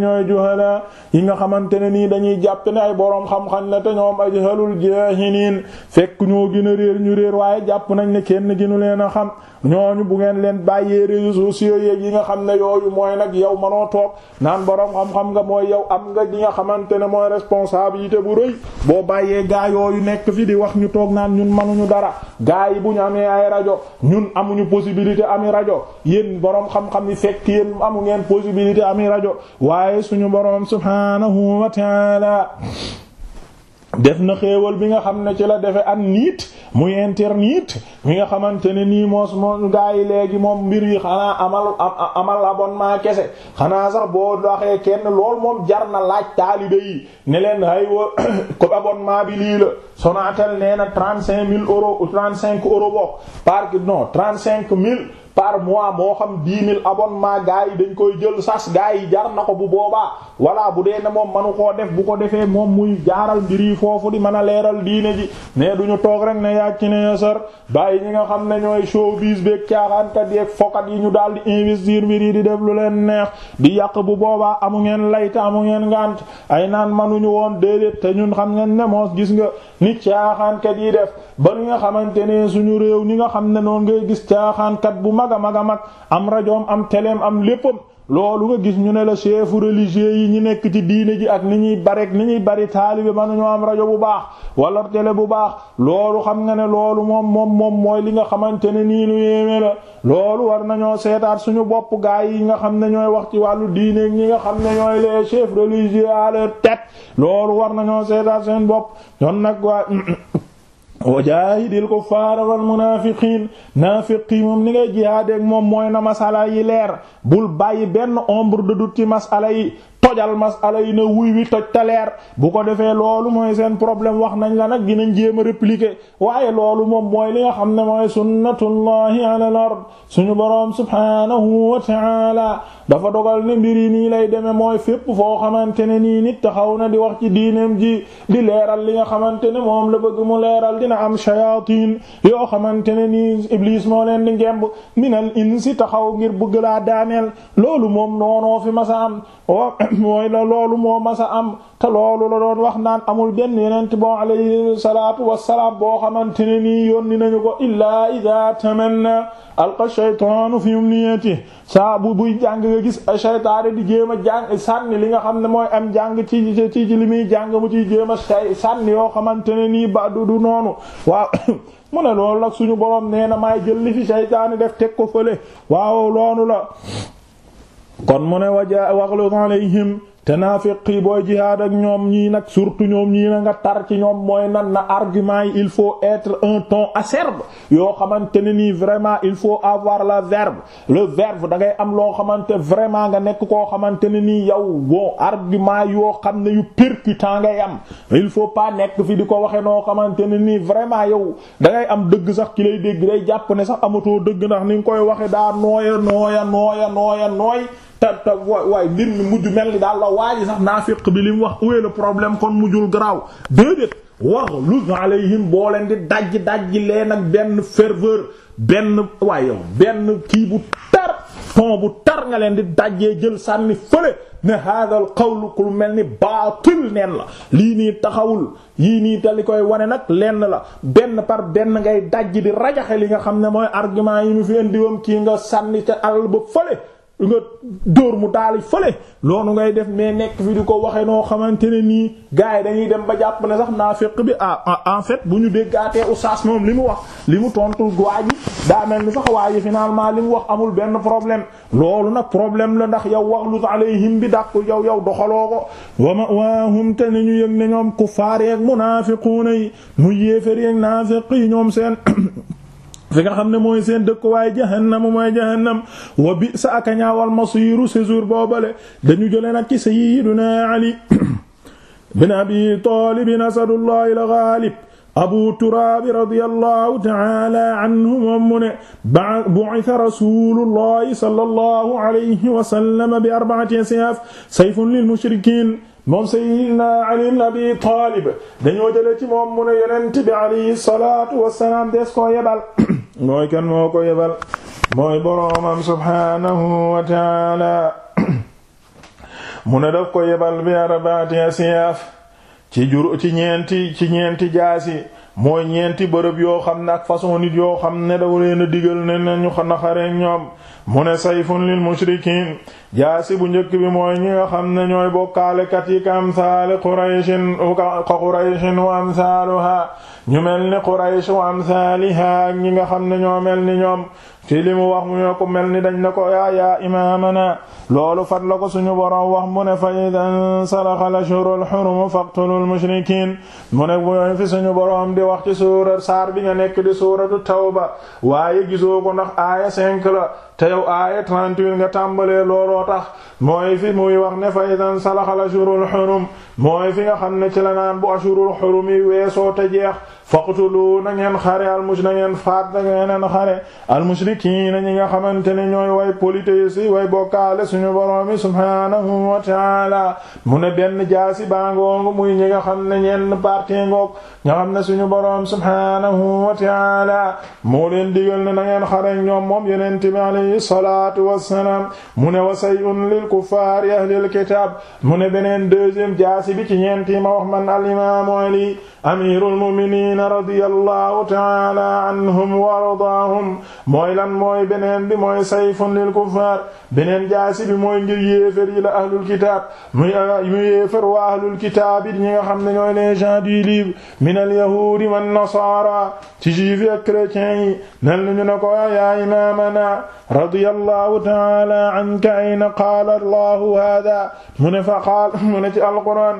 murtahiniin fekk ñoo gën a réer ñu réer waaye jàpp nañ ne kenn gënu leen a xam ñooñu bu ngeen leen bàyyee réseaux sociaux yeeg yi nga xam ne yooyu mooy nag yow manoo toog naan borom xam-xam nga mooy yow am nga di nga xamante ne mooy responsabilité bu rëy boo bàyyee gaa yooyu nekk fi di wax ñu toog naan ñun manuñu dara gaa yi bu ñu amee ay rajo ñun amuñu possibilité ami rajo yéen borom xam-xam yi fekk yéen amu ngeen possibilité ami rajo waaye suñu borom subhanahu def na xéewal bi nga xam ne ci la defe an niit muy internet mi nga xamante ne nii moos moom gars yi léegi moom mbir yi xanaa amal amal abonnement kese xanaa sax boo doxee kenn lool moom jar na laaj taalibe yi ne leen hay wa ko abonnement bi lii la Sonatel nee na trente cinq mille euros ou trente cinq euros bokk par non trente cinq mille par mois moo xam 10 000 abonnement gars yi dañ koy jël sas gars yi jar na ko bu boobaa voilà bu dee ne moom manu koo def bu ko defee moom muy jaaral mbir yi foofu di man a leeral diine ji mais du ñu toog rek ne yaa ci ne ya sar bàyyi ñi nga xam ne ñooy showbiz beeg caaxaankat yeeg fokat yi ñu daal di investir mbir yi di def lu leen neex di yàq bu boobaa amu ngeen layta amu ngeen ngant ay naan manuñu woon déedéet te ñun xam ngeen ne moos gis nga ni caaxaankat yi nga xamante ne suñu réew ñi nga xam ne noonu ngay mag a mag a mag am rajoom am teleem am léppam loolu nga gis ñu ne la chef religieux yi ñi nekk ci diine ji ak ni ñuy barek ni ñuy bari taalibe mënuñoo am rajo bu baax wala télé bu baax loolu xam nga ne loolu moom moom moom mooy li nga xamante ne nii lu la loolu war nañoo seetaat suñu bopp gaay yi nga xam ne ñooy wax ci wàllu diine ak ñi nga xam ne ñooy les chefs religieux à leur tête loolu war nañoo seetaat seen bopp ñoon nag waa wajaahidil kuffaara wal munaafiqiin naafiqi moom ni ngay jihaadeek moom mooy na masala yi leer bul bàyyi benn ombre de doute ci masala yi tojal masala yi na wuy wi toj ta leer bu ko defee loolu mooy seen problème wax nañ la nag dinañ jéem a répliquer waaye loolu moom mooy li nga xam ne mooy sunnatullahi ala al-ard suñu boroom subhanahu wa ta'ala dafa dogal ne mbir yi nii lay demee mooy fépp foo xamante ne nii nit taxaw na di wax ci diineem ji di leeral li nga xamante ne moom la bëgg mu leeral dina am shayatin yoo xamante ne nii iblis moo leen di ngemb minal insi taxaw ngir bëgg laa daaneel loolu moom noonoo masa mooy la loolu moo masa am te loolu la doon wax naan amul benn yonent boo alayhi salaatu wassalaam boo xamante ne nii yónni nañu ko illa idaa tamanna alqa shaytaanu fi umniyatihi saa bu buy jàng nga gis shaytaane di jéem a jàng sànni li nga xam ne mooy am jàng ci ci li muy jàng mu ciy jéem a sànni yoo xamante ne nii ba du du noonu waaw mu ne loolu nag suñu borom nee maay jël li fi shaytaane def teg ko fële waaw loolu la kon mu ne waja waxlud alayhim te naafiq yi booy jihaad ak ñoom ñii nag surtout ñoom ñii na nga tar ci ñoom mooy nan na argument yi il faut être un ton acerbe yoo xamante ne nii vraiment il faut avoir la verbe le verbe da ngay am loo xamante vraiment nga nekk koo xamante ne nii yow bon argument yoo xam ne yu percutant ngay am il faut pas nekk fi di ko waxe noo xamante ne nii vraiment yow dangay am dëgg sax ki lay dégg day jàpp ne sax amatoo dëgg ndax ni nga koy waxe daa nooya nooya nooya te te waay mbir mu mujj mel ni daal la waaye sax naafiq bi li mu wax où est le problème kon mujjul garaaw déedéet wax luz alayhim boo leen di dajj dajj leen ak benn ferveur benn waay yow benn kii bu tar ton bu tar nga leen di dajjee jël sànni fële ne hada al qawl ku mel ni baatil neen la lii nii taxawul yii nii te li koy wane nag lenn la benn par benn ngay dajj di rajaxe li nga xam ne mooy argument yi mu fi indiwam kii nga sànni ca alal ba fële nga dóor mu daali fële loolu ngay def mais nekk fi di ko waxee noo xamante ne nii gars yi dañuy dem ba jàpp ne sax naa fekk bi ah, ah en fait bu ñu déggaatee oustaz moom li mu wax li mu tontu waa ji daa mel ni sax waaye li mu wax amul benn problème loolu nag problème la ndax yow wax lut alayhim bi dàq yow yow doxaloo ko wa ma'waahum te ni ñu yëg ne ñoom kuffaar ak munaafiquuna yi mu yéefar ak naafiq yi ñoom seen fi nga xam ne mooy seen dëkkuwaay jahannamu mooy jahannam wa bi sa aka ñaawal masiiru séjour boobale dañu jële nag ci sayyiduna ali bin abi talib asadullah al ghalib abu turaabi radiyallahu ta'ala anhu moom mu ne bu'itha rasulullahi sallallahu alayhi wa sallam bi arba'ati sihaaf sayfun lil mushrikiin moom Seydina Ali ibn Abi Taalib dañoo jëlee ci moom mu ne yonent bi alayhi salaatu wa salaam des ko yebal mooy kan moo ko yebal mooy boroomam subhaanahu wa mu ne daf ko yebal bi arbaati asiyaaf ci jur ci ñeenti ci ñeenti jaasi mooy ñeenti bërëb yoo xam ne ak façon nit yoo xam ne daw leen a digal ne nañu naxaree ñoom mu ne sayfun lil mushrikiin jaasi bu njëkk bi mooy ñi nga xam ne ñooy bokkaalekat yi ka amsaali qurayshin ka qurayshin wa ñu mel ni Quraysh wa amsaaliha ak ñi nga xam ne ñoo mel ni ñoom ci li mu wax mu ñoo ko mel ni dañ na ko yaa yaa imaamana loolu fan la ko suñu boroom wax mu ne fa idan salaxa lashhurul xurum faqtulul mushrikiin mu ne bu fi suñu boroom di wax ci suura saar bi nga nekk di suuratu tawba waaye gisoo ko ndax aaya 5 la te yow aaya 38 nga tàmbalee looloo tax mooy fi muy wax ne fa idan salaxa lashhurul xurum mooy fi nga xam ne ci la naan bu ashurul xurum te jeex faqtulu na ngeen xare almus na ngeen faat na ngeen xare almusrikiina nga xamante ne ñooy way polythéistes yi way bokkaale suñu borom bi subhaanahu wa taala mu ne benn jaasi baangoongu muy ñi nga xam ne ñenn parti ngoog nga xam ne suñu borom subhaanahu wa taala moo leen digal ne na ngeen xare ñoom moom yonent bi alayhi salaatu wassalaam mu ne wa say'un kuffaari ahlil kitaab mu ne beneen deuxième jaasi bi ci ñeenti ma wax man al imaamu Ali amirul muminin radiyallahu taala anhum wa ardaahum mooy lan mooy beneen bi mooy sayfun lil kuffar beneen jaasi bi mooy ngir yéefér yi la ahlul kitaab muy muy uh, yéefér waa ahlul kitaab it ñi nga xam ne ñooy les gens du livre min al yahudi wan nasara ci juifs yi ak chrétiens yi nan ñu ne ko ah, yaa imaamana radiyallahu taala anka ayna qaala allahu hada mu ne fa qaal mu ne ci alquran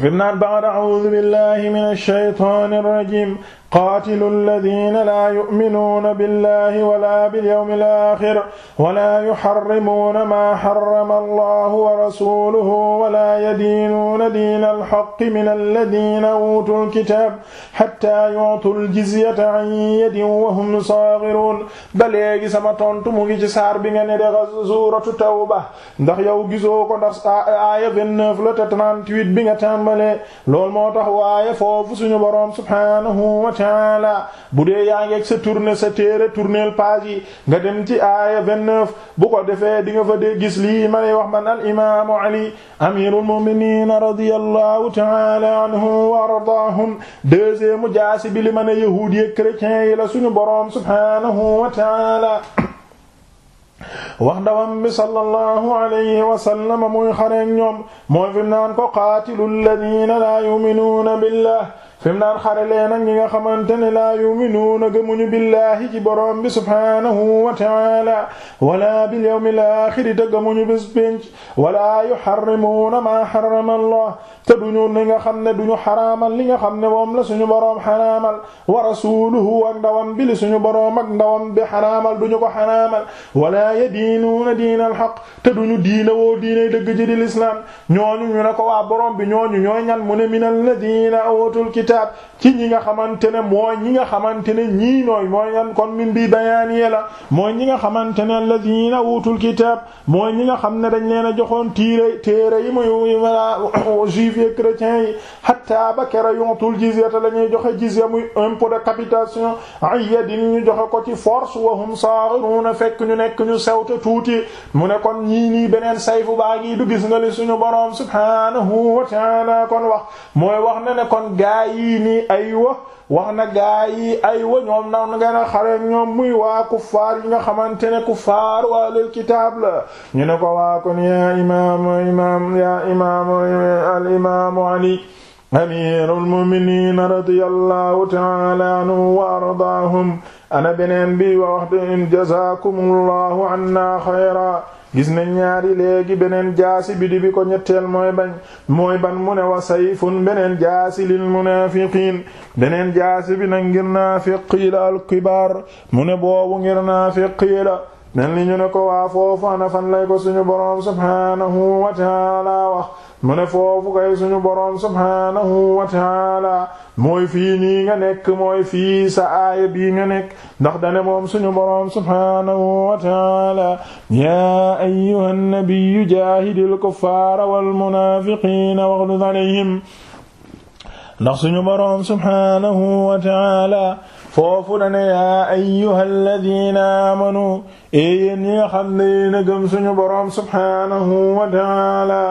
fi mu naan ba'da a'uudu billahi mina shaytaani rajiim qaatilu alladina laa yuminuuna billahi wala bilyawm alaaxir wala yuxarrimuuna maa xarama allahu wa rasuluhu wala yadiinuuna diina alxaqi min alladina uutu alkitaab xatta yuutu aljizyata an yadin wa hum saaxiruun ba léegi sama tontu mu ngi ci saar bi nga ne de suuratu tawba ndax yow gisoo ko ndax aaya 29 la te 38 bi nga tàmbalee loolu moo tax waaye foofu suñu boroom subhaanahu wa ta'aala taala bu dee yaa ngi ak sa tourner sa téere tourner page yi nga dem ci aaya 29 bu ko defee di nga fa dee gis lii ma lay wax man al imaamu Ali amirul mu'minin radiyallahu taala anhu wa ardaahum deuxième jaasi bi li ma ne yahuudi ak chrétiens yi la suñu boroom subhanahu wa taala wax ndawam bi sallallahu alayhi wa sallam muy xareek ñoom mooy fi naan ko qaatilu alladina laa yuminuuna billah fi mu naan xare leen ak ñi nga xamante ne laa yuminuuna gëmuñu billaahi ci borom bi subhaanahu wa taala wala bil yawmil aaxiri te gëmuñu bis pénc wala yuharrimuuna maa harrama allah te duñu li nga xam ne duñu xaraamal li nga xam ne moom la suñu boroom xaramal wa rasuluhu ak ndawam bi suñu boroom ak ndawam bi xaraamal duñu ko xaraamal wala yadiinuuna diina alxaq te duñu diina woo diinay dëgg ji di lislaam ñooñu ñu ne ko waa borom bi ñooñu ñooy ñan mu ne min alladina utul kitaab ci ñi nga xamante ne mooy ñi nga xamante ne ñii nooy mooy ñan kon min bi bayaanie la mooy ñi nga xamante ne alladina utul kitaab mooy ñi nga xam ne dañ leen a joxoon tiire juif yi chrétiens yi hatta ba kera yontul jizya te la ñuy joxe jizya muy impôt de capitation ayya di ñu joxe ko ci force wa hum saghiruna fekk ñu nekk ñu sewte tuuti mu ne kon ñii nii beneen sayfu baa ngi du gis nga li suñu boroom subhanahu wa ta'ala kon wax mooy wax na ne kon gaa yii nii aywa wax na gaa yi aywa ñoom na ngeen a xare ñoom muy waa kuffaar yi nga xamante ne kuffaar waalul kitaab la ñu ne ko waa kon ya imam imam ya imam imaamu ali amirul mu'minin radiyallahu ta'ala anhu wa ardaahum ana beneen bi wa wax in jazakumullahu anna xayra gis na ñaari léegi beneen jaasi bi di bi ko ñetteel mooy bañ mooy ban mu ne wa sayfun beneen jaasi lil munafiqin beneen jaasi bi nag ngir naafiqi la alkibaar mu ne boobu ngir naafiqi la mel ni ñu ne ko waa foofu ana fan lay ko suñu boroom subhanahu wa ta'ala wax mu ne foofu kay suñu boroom subhaanahu wa taala mooy fii nii nga nekk mooy fii sa aaya bii nga nekk ndax dane moom suñu boroom subhaanahu wa taala yaa ayyuha nnabiyu jaahidil kuffaara wal munaafiqiina waghluz alayhim ndax suñu boroom subhaanahu wa taala foofu dane yaa ayyuha alladhiina aamanu yéen ñi a xam ne yéen a gëm suñu boroom subhaanahu wa taala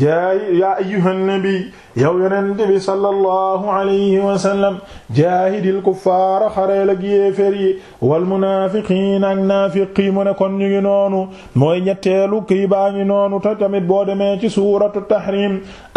jaayi yaa ayyuhan nabi yow yonent bi sallallahu alayhi wa sallam jaahidil kuffaara xareel ak yéefér yi wal munaafiqiin ak naafiqi mu ne kon ñu ngi noonu mooy ñetteelu kii baa ngi noonu te tamit boo demee ci suuratu tahrim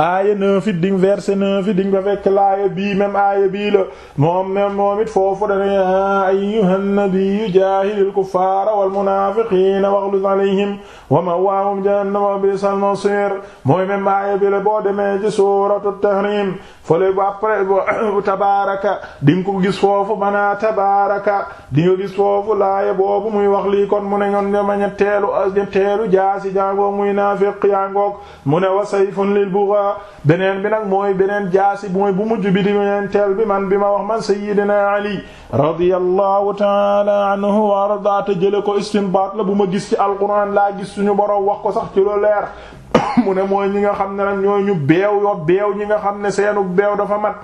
aaya neuf di verset neuf di nga fekk laaya bii même aaya bii la moom même moom it foofu dane yaa ayyuhan nabi jaahidil kuffaara wal munaafiqiina waxlud alayhim wa ma'waahum jahannam wa bi'sal masiir mooy même aaya bi la boo demee ci suuratu tahrim fële bu après bu tabaaraka di nga ko gis foofu mana tabaaraka di nga gis foofu laaya boobu muy wax lii kon mu ne ñoom ñoom ñetteelu ñetteelu jaasi jàngoog muy naafiq jàngoog mu ne wa sayfun lil bughaa beneen bi nag mooy beneen jaasi mooy bu mujj bi di ñeenteel bi man bi ma wax man sayyidina Ali radiyallahu ta'ala anhu wa arda jële ko istinbaat la bu ma gis ci alquran laa gis suñu boro wax ko sax ci loo leer mu ne mooy ñi nga xam ne nag ñooy ñu beew yo beew ñi nga xam ne seenu beew dafa mat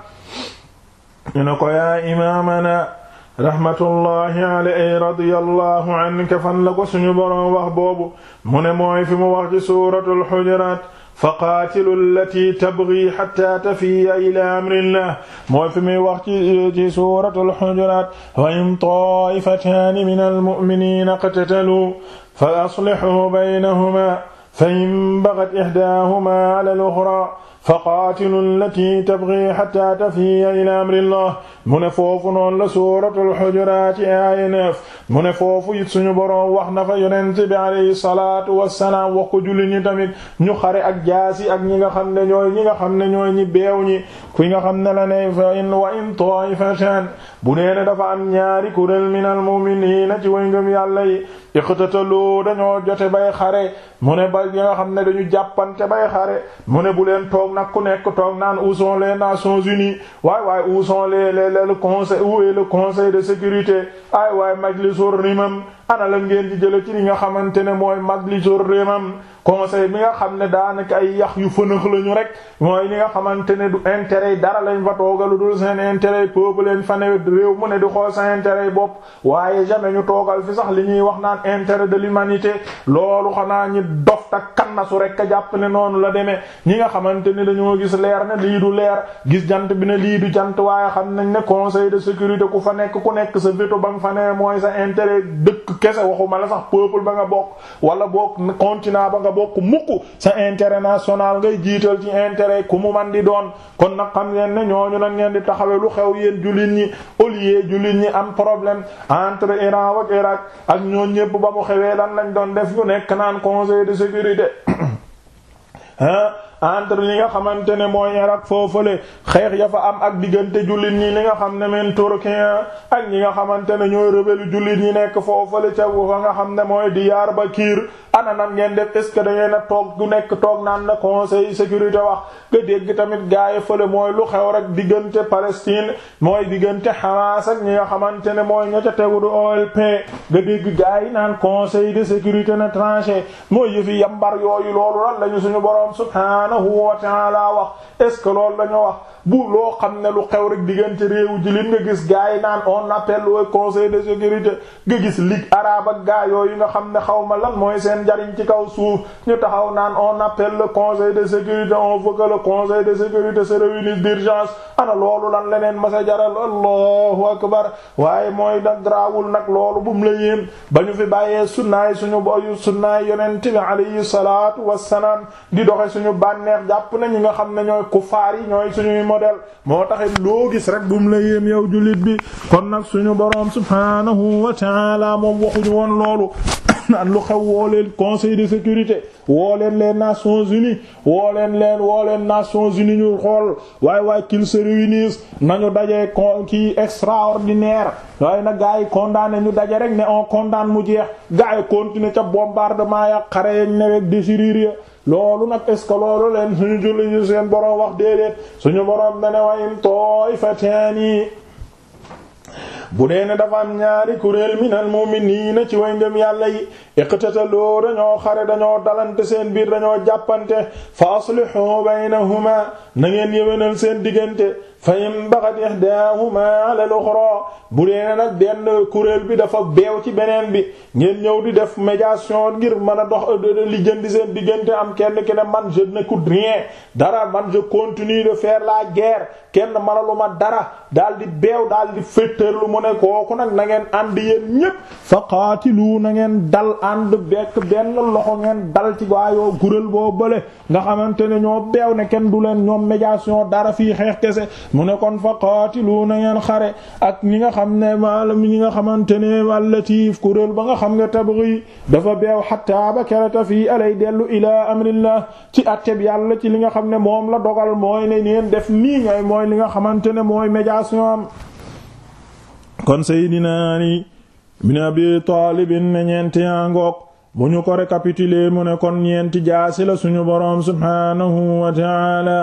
ñu ne ko yaa imaamana rahmatullahi alayhi radiyallahu anka fan la ko suñu borom wax boobu mu ne mooy fi mu wax ci suuratul hujuraat faqaatilu allati tabghi hatta tafiya ila amrillah mooy fi muy wax ci ci suuratul hujuraat wa in taa'ifataani minal mu'miniina iqtatalu fa aslihuu baynahuma fa in baghat ihdaahuma ala al-ukhraa faqaatilu allati tabghi hatta tafiya ila amrillah mu ne foofu noonu la suuratul hujuraat aaya neuf mu ne foofu it suñu boroom wax na fa yonent bi alayhi salaatu wassalaam wax ko julli ñi tamit ñu xare ak jaasi ak ñi nga xam ne ñooy ñi nga xam ne ñooy ñi beew ñi ki nga xam ne la ne fa in wa in taa'ifatan bu nee ne dafa am ñaari kuréel minal mu'miniina ci way ngëm yàlla yi iqtataloo dañoo jote bay xare mu ne ba yi xam ne dañu jàppante bay xare mu ne bu leen toog nag ku nekk toog naan où sont les nations unies waay waay où sont les les le conseil où est le conseil de sécurité ay waay majlisur rimam ana la ngeen di jële ci li nga xamante ne mooy majlisur rimam conseil bi nga xam ne daanaka ay yax yu fënax lañu rek mooy li nga xamante ne du intérêt yi dara lañ fa toogalu dul seen intérêt yi peuple lañ fa ne réew mu ne di xool sa intérêt yi bopp waaye jamais ñu toogal sax li ñuy wax naan intérêt de l'humanité loolu xanaa ñi dof ta kannasu rek a ne noonu la demee ñi nga xamante ne dañoo gis leer ne lii du leer gis jant bi ne lii du jant waaye xam nañ ne conseil de sécurité ku fa nekk ku nekk sa veto ba nga fa ne mooy sa intérêt dëkk kese waxuma la sax peuple ba nga bokk wala bokk continent ba nga bokk mukk sa intérêt national ngay jiital ci intérêt ku mu man di doon kon nag xam ngeen ne ñooñu nag ngeen di taxawee lu xew yéen jullit ñi au lieu ñi am problème entre Iran o Irak ak ñoo ñépp ba mu xewee lan lañ doon def yu nekk naan conseil de sécurité ah entre li nga xamante ne mooy Irak foofale xeex ya fa am ak diggante jullit ñi li nga xam ne men turkiyen ak ñi nga xamante ne ñooy rebelle jullit ñi nekk foofale ca nga xam ne mooy Diyarbakir ana nan ngeen def est-ce que da ngeen a toog nekk toog naan na conseil sécurité wax nga dégg tamit gaay fële mooy lu xew rek diggante Palestine mooy diggante Hamas ak ñi nga xamante ne mooy ña ca tegu du OLP nga dégg gaay naan conseil de sécurité na tranché mooy yëfi yambar yooyu loolu lan lañu suñu borom subhaanahu subhaanahu wa ta'ala wax est-ce que loolu dañoo wax bu loo xam ne lu xew rek diggante réewu jullit nga gis gars naan on appelle au conseil de sécurité nga gis ligue arabe ak gars yooyu nga xam ne xaw ma lan mooy seen njariñ ci kaw suuf ñu taxaw naan on appelle le conseil de sécurité on veut a le conseil de sécurité se réunisse d'urgence ana loolu lan leneen masa jaral allahu akbar waaye mooy nag garaawul nag loolu bu mu la yéen ba ñu fi bàyyee sunnaay suñu boyu sunnaay yonent bi bànneex jàpp na nga xam ne ñooy kufaar yi ñooy suñuy modèle moo taxit loo gis rek bu mu la yéem bi kon nag suñu boroom subhanahu wa ta'ala moom waxuñu woon loolu naan lu xew woo leen conseil de sécurité woo leen les nations unies woo leen leen woo leen nations unies ñu xool waaye waaye qu'ils se réunissent nañu dajee kii extraordinaire waaye nag gars yi condamné ñu daje rek ne on condamne mu jeex gars yi continuer ca bombardement ya xare yañ neweg déchirure ya loolu nag est ce que loolu leen suñu julli ñu seen boroom wax déedéet suñu boroom na ne wayim tooy fa teeni bu dee ne dafa am ñaari kuréel minal mu'miniina ci way ngëm yàlla yi iqtataloo dañoo xare dañoo dalante seen biir dañoo jàppante fa aslihu baynahuma na ngeen yéwénal seen diggante fa in baxat ihdaahuma ala al-uxra bu dee nag benn kuréel bi dafa beew ci beneen bi ngeen ñëw di def médiation ngir mën a dox li jëndi seen diggante am kenn ki ne man je ne coûte rien dara man je continue de faire la guerre kenn manaluma dara daal di beew daal di féttéer lu mu ne kooku nag na ngeen ànd yéen ñépp fa qaatilu na ngeen dal ànd bekk benn loxo ngeen dal ci waayoo kuréel boo bële nga xamante ne ñoo beew ne kenn du leen ñoom médiation dara fi xeex kese mu ne kon fa qaatilu na ngeen xare ak ñi nga xam ne maalam ñi nga xamante ne allatif kuréel ba nga xam ne tabghi dafa beew hatta ba kerata fii alay dellu ilaa amrillah ci atteb yàlla ci li nga xam ne moom la dogal mooy ne neen def nii ngay mooy li nga xamante ne mooy médiation am kon Seydina Ali ibn Abi Talib ne ñeenti yaa ngoog bu ñu ko récapituler mu ne kon ñeenti jaasi la suñu boroom subhaanahu wa ta'ala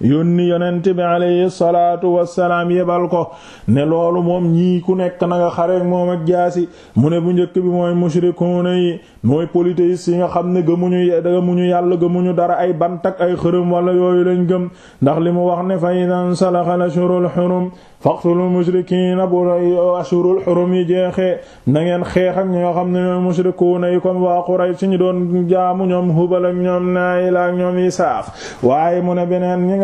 yónni yonent bi alayhi salaatu wassalaam yebal ko ne loolu moom ñii ku nekk na nga xareek moom ak jaasi mu ne bu njëkk bi mooy mushrikuuna yi mooy polythéistes yi nga xam ne gëmuñu gëmuñu yàlla ñu dara ay bant ak ay xërëm wala yooyu lañ gëm ndax li mu wax ne fa idan salaxa ashurul xurum faqtulul mushrikiina bu ashurul xurum yi jeexee na ngeen xeex ak ñi nga xam ne ñooy mushrikuuna yi comme waa Quraysh ñu doon jaamu ñoom Hubal ak ñoom Naayil ak ñoom Isaaf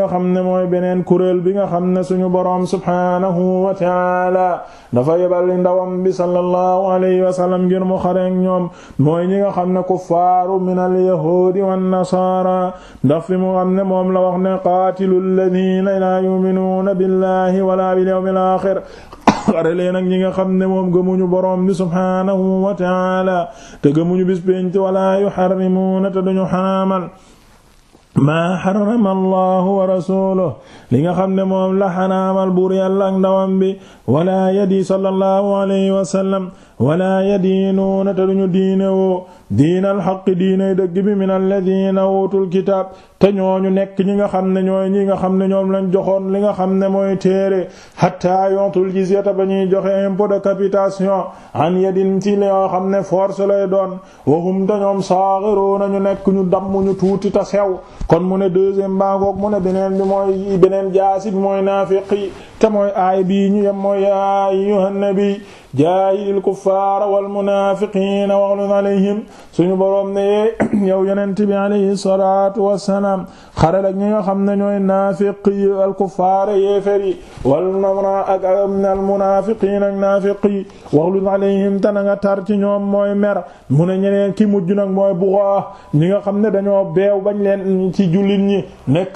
nga xam ne mooy beneen kuréel bi nga xam ne suñu boroom subhaanahu wa taala dafa yebal ndawam bi sallallahu alayhi wa sallam ngir mu xareek ñoom mooy ñi nga xam ne kuffaaru min alyahuudi wannasaara ndax fi mu xam ne moom la wax ne qaatilu alladina laa yuminuuna billahi wala bil yawmil aaxir xare leen ak ñi nga xam ne moom gëmuñu boroom bi subhaanahu wa taala te gëmuñu bis pénc wala yuharrimuuna te duñu xaraamal maa xarama allahu wa rasuluh li nga xam ne moom la xanaamal buur yàlla ak ndawam bi wala yadi sallallahu alayhi wa sallam wala yadiinuuna te duñu diine woo diina alxaqi diinay dëgg bi min alladina wutul kitaab te ñu nekk ñi nga xam ne ñooy ñi nga xam ne ñoom lañ joxoon li nga xam ne mooy téere hatta yontul jizyata ba ñuy joxe impôt de capitation an yadin ci yoo xam ne force lay doon wahum te ñoom saaxiruuna ñu nekk ñu damm ñu tuuti ta sew kon mu ne deuxième bangoog mu ne beneen jaasi bi mooy naafiqi te mooy aay bii ñu yem mooy ya ayyuhan nabi jaahidil kuffaara wal munaafiqiina waghluz alayhim suñu boroom ne yow yonent bi alayhi salaatu wassalaam xarel ak ñi nga xam ne ñooy naafiq yi al kuffaara yéefér yi wal na ak al munaafiqiina ak naafiq yi waghluz alayhim tana nga tar ci ñoom mooy mer mu ne ñeneen ki mujj nag mooy bugaa ñi nga xam ne dañoo beew bañ leen ci jullit ñi nekk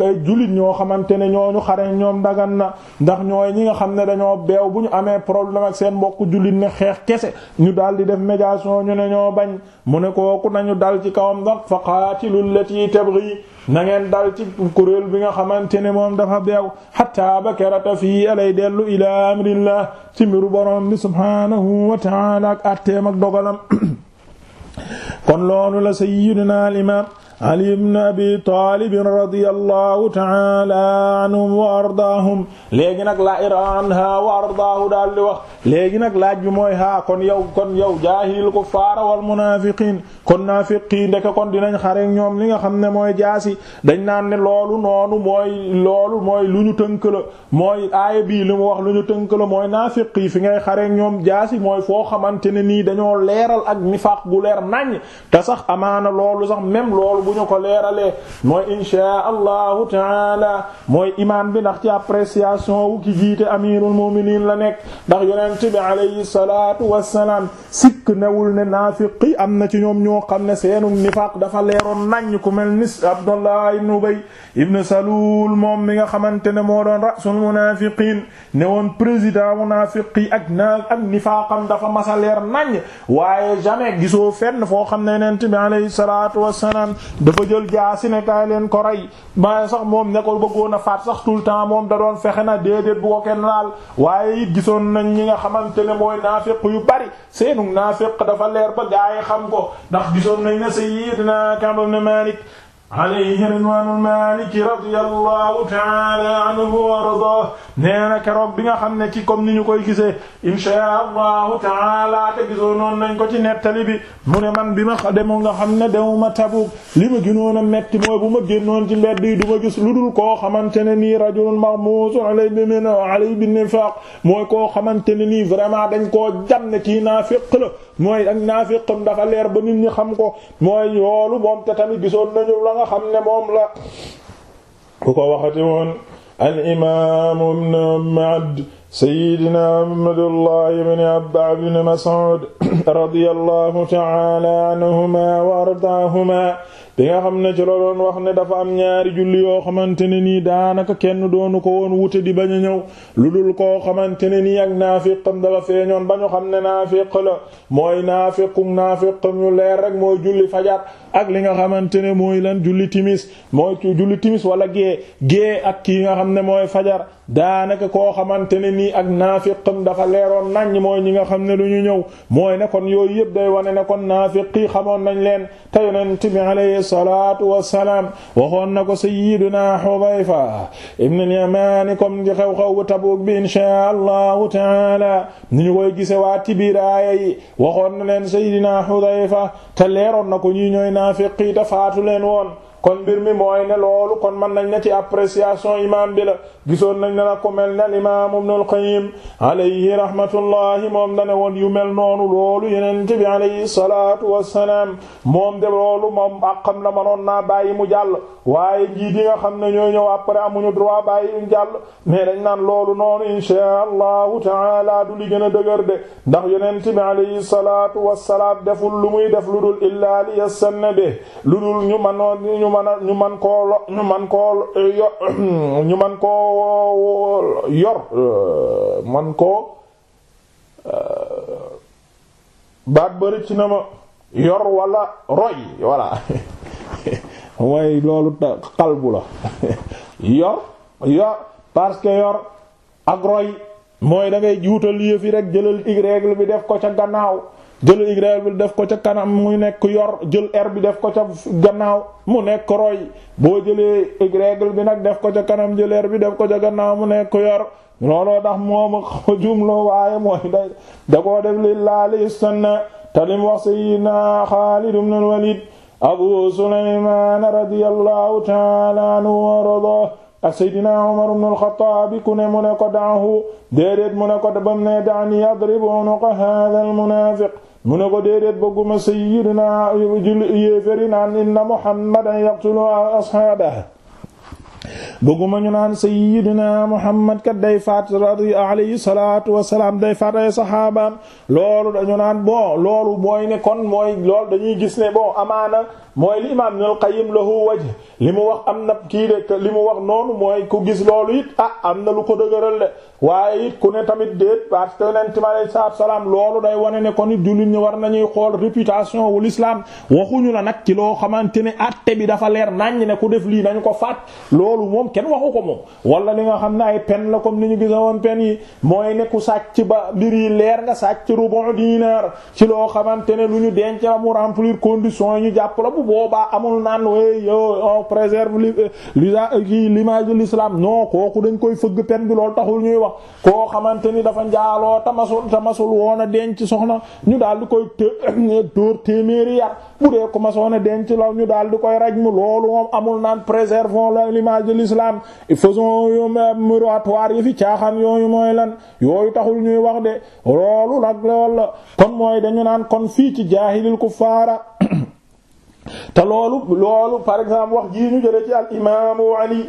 ñoo xamante ne ñooñu xare ñoom dagan na ndax ñooy ñi nga xam ne dañoo beew bu ñu amee problème ak seen mbokk jullit jullit ne xeex kese ñu daal di def médiation ñu ne ñoo bañ mu ne ko ku nañu dal ci kawam nag fa qaatilul lati tabghi na ngeen dal ci kuréel bi nga xamante ne moom dafa beew hatta ba kerata fii alay dellu ila amrillah ci mbiru borom bi subhanahu wa ta'ala ak atteem ak kon loolu la sayyidina al imam Ali ibn Abi Taalib radiyallahu ta'ala anhum wa ardaahum léegi nag la iran ha wa ardaahu daal di wax léegi nag laaj bi mooy ha kon yow kon yow jaahil kuffaar wal munaafiqiin kon naafiqi ndeke kon dinañ xare ñoom li nga xam ne mooy jaasi dañ naan ne loolu noonu mooy loolu mooy lu ñu tënk mooy aaya bi li mu wax lu ñu tënk la mooy naafiqi fi ngay xare ñoom jaasi mooy foo xamante ne nii dañoo leeral ak nifaaq bu leer nañ te sax amaana loolu sax même loolu bu ñu ko leeralee mooy insha allahu taala mooy imaam bi ndax ci appréciation wu ki jiite amirul mu'minin la nekk ndax yonent bi alayhi salaatu wassalaam sikk newul ne naafiqi am na ci ñoom ñoo xam ne seenu nifaaq dafa leeroon nañ ku mel ni Abdullah ibn Ubay ibn Salul moom mi nga xamante ne moo doon rasul munaafiqiin ne woon président munaafiqi ak naa ak nifaaqam dafa masa leer nañ waaye jamais gisoo fenn foo xam ne yonent bi alayhi salaatu wassalaam dafa jël jaasi ne kaay leen ko rey ma sax moom ne ko bëggoon a faat sax tout le moom da doon fexe na déedéet bu ko kenn laal waaye it gisoon nañ ñi nga xamante ne mooy naafiq yu bari seenu naafiq dafa leer ba gaa yi xam ko ndax gisoon nañ ne na Ka'b ibn Malik alayhi ridwaanu Maalik radiyallahu ta'ala anhu wa ardaah nee na keroog bi nga xam ne ci comme ni ñu koy gisee inshaa allahu ta'ala te gisoo noonu nañ ko ci nettali bi mu ne man bi ma demoo nga xam ne demuma Tabuk li ma gënoon a metti mooy bu ma génnoon ci mbedd yi du ma gis lu dul koo xamante ne nii rajulun marmuusun alayhi min alayhi bin nifaaq mooy koo xamante ne nii vraiment dañ koo jam ne kii naafiq la mooy ak naafiqam dafa leer ba nit ñi xam ko mooy yoolu moom te tamit gisoon nañu la nga nga xam ne moom la ku ko waxati woon al imaam ibn Abd sayyidina Abdullah ibn Abba ibn Mas'ud radiyallahu ta'ala anhuma wa ardaahuma li nga xam ne ci la doon wax ne dafa am ñaari julli yoo xamante ne nii daanaka kenn doonu ko woon wute di bañ a ñëw lu dul koo xamante ne nii ak naafiqam dafa feeñoon ba ñu xam ne naafiq la mooy naafiqum naafiqam ñu leer rek mooy julli fajar ak li nga xamante ne mooy lan julli timis mooy julli timis wala gée gée ak kii nga xam ne mooy fajar daanaka koo xamante ne nii ak naafiqam dafa leeroon naññ mooy ñi nga xam ne lu ñu ñëw mooy ne kon yooyu yëpp day wane ne kon naafiq yi xamoon nañ leen te yonent bi salaatu wassalaam waxoon na ko sayyiduna Hudayfa ibn al-Yamaan comme xew xew bu Tabuk bi inshaa Allahu taala ni ñu koy gise waa tibiraaya yi waxoon na leen sayyidina Hudayfa te leeroon na ko ñi ñooy naafiqi te faatu leen woon kon mbir mi mooy ne loolu kon man nañ ne ci appréciation imam bi la gisoon nañ ne la ko mel ne al imam ibn al qayyim alayhi rahmatullahi moom dane woon yu mel noonu loolu yeneen ci bi alayhi salaatu wassalaam moom de loolu moom àqam la manoon naa bàyyi mu jàll waaye njiit yi nga xam ne ñooy ñëw après ñu droit bàyyi mu jàll mais dañ naan loolu noonu inshaa allahu taala du li gën a dëgër de ndax yonent bi alayhi salaatu wassalaam deful lu muy def lu dul illaa li yasanna be mën a ñu man koo lo ñu man koo eh, man koo yor eh, man koo eh, baat bari ci na ma yor wala roy voilà mooy loolu xalbu la yor yor parce que yor ak roy mooy da ngay juutal yëf yi rek jëlal règle bi def ko ca gannaaw jël Y bi def ko ca kanam mu nekk yor jël R bi def ko ca gannaaw mu nekk roy boo jëlee Y bi nag def ko ca kanam jël R bi def ko ca gannaaw mu nekk yor looloo tax moom ak jumlo waaye mooy day da koo def li laali sunna talim wax sayyidina Xaalid ibn al-Walid Abu Sulaymaan radiyallahu ta'ala anhu ak Seydina Umar ibn al-Khattab ku ne mu ne ko daahu déedéet mu ne ko bam ne daani yadribu unuqa hadha al-munafiq mu ne ko déedéet bëgguma Seydina julli yéeféri naan inna Muhammadan yaqtulu ashabahu bëgguma ñu naan sayyidina Muhammad kat day faat alayhi salaatu wasalaam day faat ay saxaabaam loolu dañu naan bon loolu mooy ne kon mooy loolu dañuy gis ne bon amaana mooy li imaam Ibnul Qayyim lahu wajh li mu wax am na kii de li mu wax noonu mooy ku gis loolu it ah am na lu ko dëgëral de waaye it ku ne tamit déet parce que Yonent bi alayhi salaam loolu day wane ne kon it jullit ñu war nañuy xool réputation wu l'islam waxuñu na nag ci loo xamante ne àtte bi dafa leer naññ ne ku def lii nañ ko faat loolu moom kenn waxu ko moom wala li nga xam ne ay pen la comme ni ñu gisa woon pen yi mooy ne ku sàcc ba mbir yi leer nga sàcc rubu dinar ci loo xamante ne lu ñu denc la mu remplir condition yi ñu boobaa amul naan way yo on préserve l'image de l'islam non kooku dañ koy fëgg pen bi loolu taxul ñuy wax koo xamante ni dafa njaaloo tamasul tamasul woon a denc soxna ñu daal di koy dóor téeméeri yar bu dee ko masoon a denc la ñu daal di koy raj loolu moom amul naan préservons l'image de l'islam faisons euh, moratoire yi fi caaxaan yooyu mooy lan yooyu taxul ñuy wax de loolu nag loolu la kon mooy dañu naan kon fii ci jaahilil kuffaara te loolu loolu par exemple wax jii ñu jële ci al imaamu Ali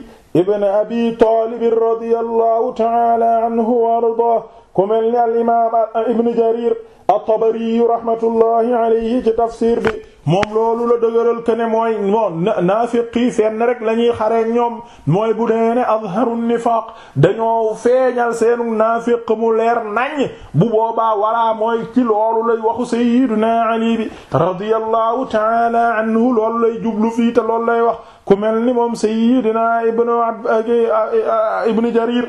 ibn Abi Taalib radiyallahu ta'ala anhu wa ardaahu ku mel ni al imaam ibn jarir at-Tabari rahmatullahi alayhi ci tafsir bi moom loolu la dëgëral ke ne mooy moom naafiqi fenn rek la ñuy xaree ñoom mooy bu dee ne azharu nifaaq dañoo feeñal seenu naafiq mu leer nañ bu boobaa walaa mooy ci loolu lay waxu sayyidina Ali bi radiyallahu ta'ala anhu loolu lay jublu fii te loolu lay wax ku mel ni moom sayyidina ibnu ibnu Jarir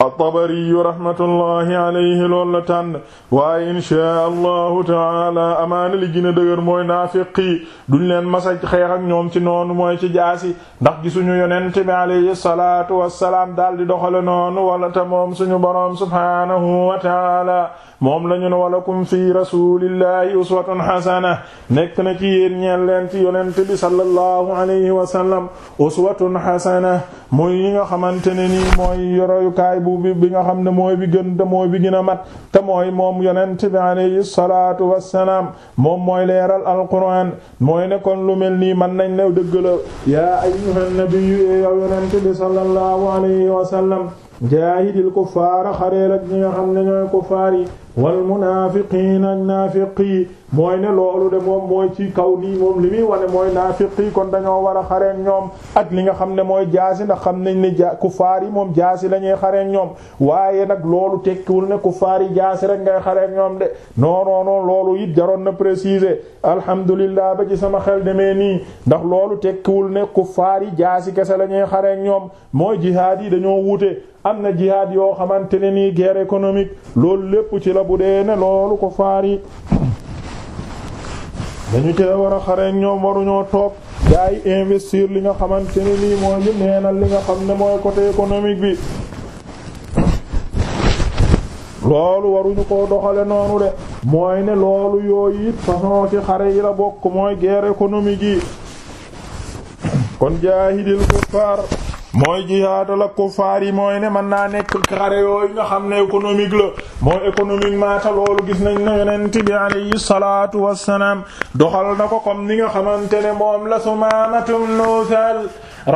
at-Tabariyu rahmatullahi alayhi loolu la tànn waaye inchaa allahu taala amaana li gën a dëgër mooy naafiq yi duñ leen masa xeex ak ñoom ci noonu mooy ci jaasi ndax gisuñu yonent bi alayhi salaatu wassalaam daal di doxale noonu wala te moom suñu boroom subhaanahu wa taala moom lañu ne walakum fi rasulillahi uswatun hasana nekk na ci yéen ñeen leen ci yonent bi sallallahu alayhi wa sallam uswatun hasana muy yi nga xamante mooy yoroyukaay royukaay bu bi bi nga xam ne mooy bi gën te mooy bi gën a mat te mooy moom yonent bi alayhi salaatu wassalaam moom mooy leeral alquran mooy ne kon lu mel nii man nañ ne dëgg ya yaa ayyuhan nabiyyu yow yonent bi sallallahu alayhi wa jaahidil kuffaara xareel ak ñi nga xam ne ñooy kuffaar yi wal munaafiqiin ak naafiq yi mooy ne loolu de moom mooy ci kaw nii moom li muy wane mooy naafiq yi kon dañoo war a xareen ñoom ak li nga xam ne mooy jaasi ndax xam nañ ne ja kuffaar yi moom jaasi la ñuy xareen ñoom waaye nag loolu tekkiwul ne kuffaar yi jaasi rek ngay xareen ñoom de non no non loolu it jaroon na préciser alhamdulillah ba ci sama xel demee nii ndax loolu tekkiwul ne kuffaar yi jaasi kese la ñuy xareen ñoom mooy jihaad yi dañoo wuute am na jihaad yoo xamante ne nii guerre économique loolu lépp ci la bu dee ne loolu ko faar yi dañu ci war a xare ñoom waruñoo toog gaa yi investir li nga xamante ne nii mooy ñu neenal li nga xam ne mooy côté économique bi loolu waruñu ko doxale noonu de mooy ne loolu yooyu it façon ci xare yi la bokk mooy guerre économique yi kon jaahidil kuffaar mooy jihaad la kufaar yi mooy ne mën naa nekk xare yooyu nga xam ne économique la mooy économiquement te loolu gis nañ ne yonent bi alayhi salaatu wassalaam doxal na ko comme ni nga xamante ne moom la Sumaamatum Nuusal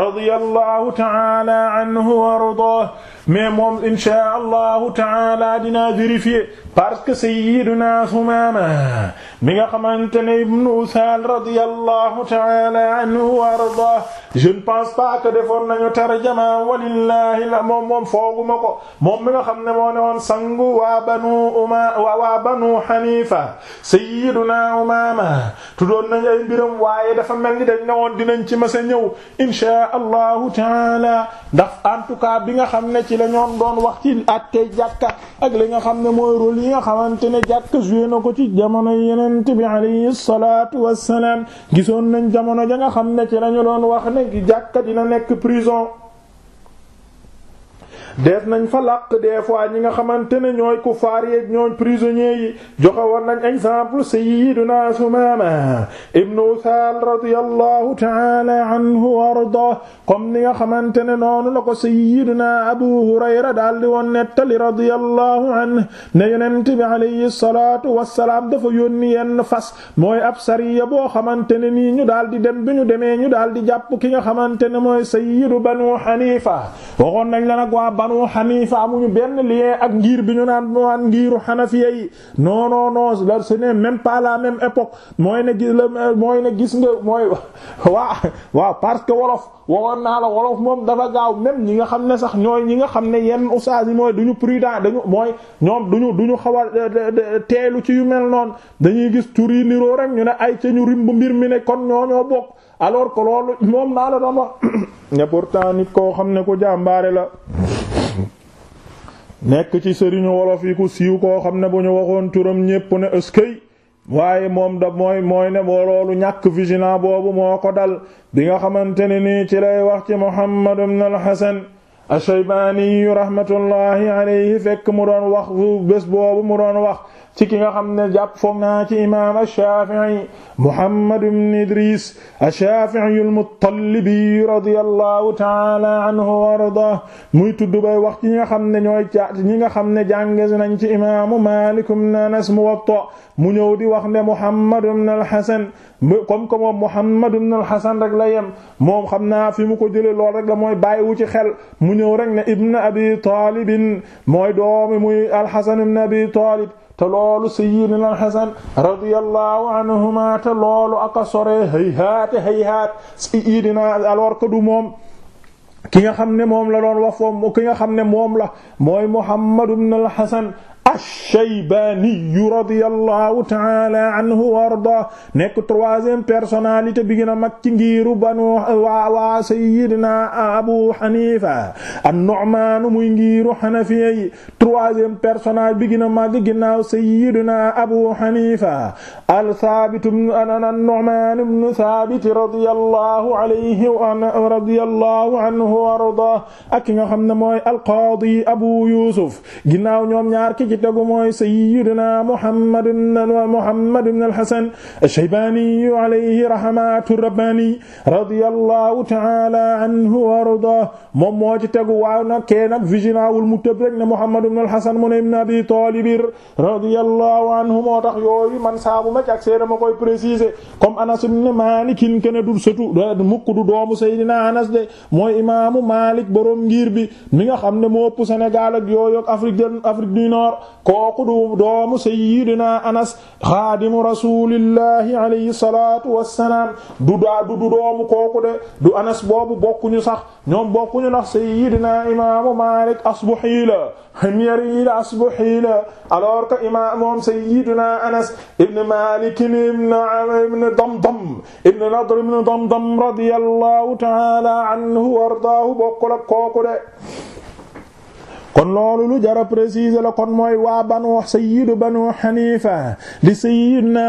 radiyallahu ta'ala anhu wa ardaahu mais moom insha allahu taala dinaa vérifier parce que sayyiduna Sumaama mi nga xamante ne ibnu Usaal radiyallahu taala anhu wa arda je ne pense pas que defoon nañu tarjama walillahi moom moom fooguma ko moom mi nga xam ne moo ne woon sangu wa banu uma waa banu Hanifa sayyiduna Umaama tuddoon nañ ay mbiram waaye dafa mel ni dañ ne woon dinañ ci mas a ñëw insha taala ndax bi nga xam ne ci la ñoon doon wax ci àttee jàkka ak li nga xam ne mooy rôle yi nga xamante ne jàkka joué na ko ci jamono yenent bi alayhi salaatu wassalaam gisoon nañ jamono ja nga xam ne ci lañu doon wax ne jàkka dina nekk prison def nañ fa làq des fois ñi nga xamante ne ñooy kufaar yeeg ñooy prisonniers yi joxe woon nañ exemple sayyiduna Sumaama ibn Uthal radiyallahu ta'ala anhu wa arda comme ni nga xamante ne noonu la ko sayyiduna Abu Hurayra daal di woon nettali radiyallahu anhu ne yonent bi alayhi salaatu wassalaam dafa yónni yenn fas mooy ab sariya boo xamante ne nii ñu daal di dem bi ñu demee ñu daal di jàpp ki nga xamante ne mooy sayyidu Banu Hanifa waxoon banu xanifa amuñu benn lien ak ngir bi ñu naan waan ngiru xanafiya yi non non non la ce n'est même pas la mooy ne gis la mooy waa parce que wolof waxoon naa la wolof moom dafa gaaw même ñi nga xam ne sax ñooy ñi nga xam ne yenn ustaas yi mooy duñu prudent dañu mooy ñoom duñu duñu xaw a teelu ci yu mel noonu dañuy gis tur yi rek ñu ne ay ca ñu rim mbir mi ne kon ñoo ñoo bokk alors que loolu moom naa la doon wax ne pourtant nit koo xam ne ku jàmbaare la nekk ci sëriñu wolof yi ku siiw koo xam ne bu ñu waxoon turam ñépp ne ëskëy waaye moom da mooy mooy ne boo loolu ñàkk vigilant boobu moo ko dal bi nga xamante ne nii ci lay wax ci Muhammad ibn al-Hasan ash-Shaybaani rahmatullahi alayhi fekk mu doon wax bés boobu mu doon wax ci ki nga xam ne jàpp foog naa ci imaam ash-Shafi'i Muhammad ibn Idris a shafii al-Muttalibi radiyallahu ta'ala anhu wa ardah muy tu bay wax ci nga xam ne ñooy ca ñi nga xam ne jàngesi nañ ci imaamu Malik ibn Anas Muwatta mu ñëw di wax ne Muhammad ibn al-Hasan comme que moom Muhammad ibn al-Hasan rek la yem naa fi mu ko jëlee lool rek mooy bàyyiwu ci xel mu ñëw rek ne ibn Abi Talib mooy doomi muy al-Hasan ibn Abi Talib te loolu sayyidina al-Hasan radiyallahu anhuma te loolu aka sore hayhaate hayhaat sayyidina alors que du moom ki nga xam ne moom la doon wax foofu ki nga xam ne moom la mooy Muhammad ibn al-Hasan ash-Shaybaaniyu radiyallahu taala anhu wa arda nekk troisième personnalité bi gën a mag ci ngiiru banu waa waa Sayyidina Abu Hanifa an-Nu'maan muy ngiiru Hanafiya yi troisième personnage bi gën a mag ginnaaw Sayyidina Abu Hanifa al-Thaabit an-Nu'maan ibn Thaabit radiyallahu alayhi wa radiyallahu anhu wa arda ak nga xam ne mooy al-Qaadi Abu Yuusuf ginnaaw ñoom ñaar ki tegu mooy sayyidina Muhammad ibn Muhammad ibn al-Hasan ash-Shaybani alayhi rahmatu rabbani radiyallahu ta'ala anhu wa ardaah moom moo ci tegu waaw nag kee nag viginawul mu tëb rek ne Muhammad ibn al-Hasan mu ne ibn Abi Talib radiyallahu anhu moo tax yooyu man saabu ma ci ak seeda ma koy préciser comme Anas ibn Malik kene du sëtu mukk du doomu Seydina Anas de mooy imaamu Malik borom ngir bi mi nga xam ne moo ëpp Sénégal ak yooyu ak Afrique Afrique du Nord kooku du doomu sayyidina anas xaadimu rasulillahi alayhi salatu wassalaam du daa du doomu kooku de du anas boobu bokkuñu sax ñoom bokkuñu ndax sayyidina imaamu malik asbuhi la ximyar yi la asbuhi la alors que imaam moom sayyidina anas ibn malik ibn ibn damdam ibn nadr ibn damdam radiyallahu ta'ala anhu wa ardaahu bokkul ak kooku de kon loolu lu jara préciser la kon mooy waa banu sayyidu banu xanifa di sayyidna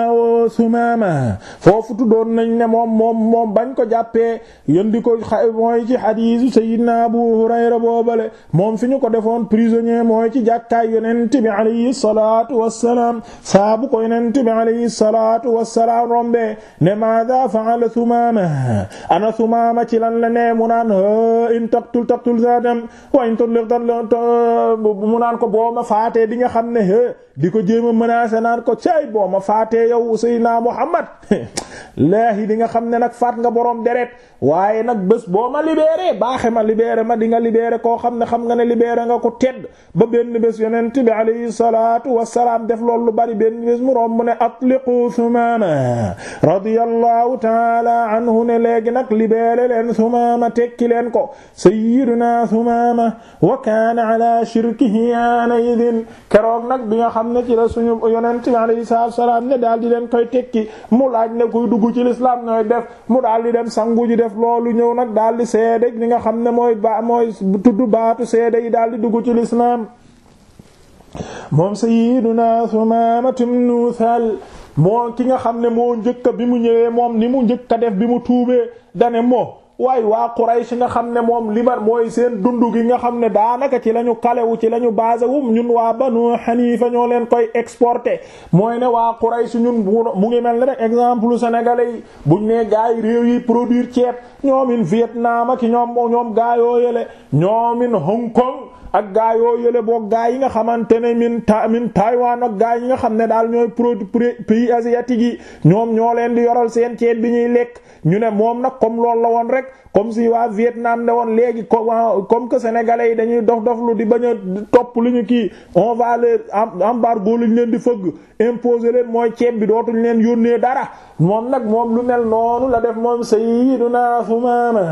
Sumaama foofu tuddoon nañ ne moom moom moom bañ ko jàppee yëndi ko mooy ci hadiisu sayyidna Abu Hurayra boobale moom fi ñu ko defoon prisonnier mooy ci jàkkaay yonent bi alayhi salaatu wassalaam saabu ko yonent bi alayhi salaatu wassalaam rombe ne maada fa'ala Sumaama ana Sumaama ci lan la ne mu naan in taqtul taqtul zaadam wa in mu naan ko boo ma dinga xam ne é di ko jéem a menacé naan ko caay boo ma faatee yow Seydina Muhammad laahi di nga xam ne nag faat nga borom deret waaye nag bés boo ma libéré baaxe ma libeere ma di nga libéré koo xam ne xam nga ne libeere nga ko tedd ba benn bes yonent bi alayhi salaatu wassalaam def loolu lu bari benn bés mu romb ne atliqu Sumaama radiyallahu taala anhu ne léegi nag libéré leen Sumaama tekki leen ko sayyiduna Sumaama ala shirkihi yaana idin keroog nag bi nga xam ne ci la suñu yonent la alayhi salaatu wassalaam ne daal di leen koy tekki mu laaj ne kuy dugg ci lislaam nooy def mu daal di dem sangu def loolu ñëw nag daal di seede li nga xam ne mooy ba mooy tudd baatu seede yi daal di dugg ci lislaam moom sayyiduna Sumaamatu bnu Uthal moo ki nga xam ne moo njëkk bi mu ñëwee moom ni mu njëkk a def bi mu tuubee dane mo waay waa Quraysh nga xam ne moom libar mooy seen dund gi nga xam ne daanaka ci lañu ñu kalewu ci la ñu basé wu ñun waa ba Banu Hanifa ñoo leen koy exporté mooy ne waa Quraysh ñun mu ngi mel ne rek exemple sénégalais yi buñ nee gaay réew yi produire ceeb ñoomin Vietnam ak ñoom ñoom gaayoo yele ñoomin Hong Kong ak gaa yoo yële boog yi nga xamante ne min ta min Taïwan gaa yi nga xam ne daal ñooy produit pays asiatique yi ñoom ñoo leen di yoral seen ceeb bi ñuy lekk ñu ne moom nag comme loolu la woon rek comme si waa Vietnam ne woon léegi comme que sénégalais yi dañuy dof dof lu di bañ a topp lu ñu kii on va leur embargo lu ñu leen di fëgg imposer leen mooy ceeb bi dootuñ leen yónnee dara moom nag moom lu mel noonu la def moom sayyiduna Sumaama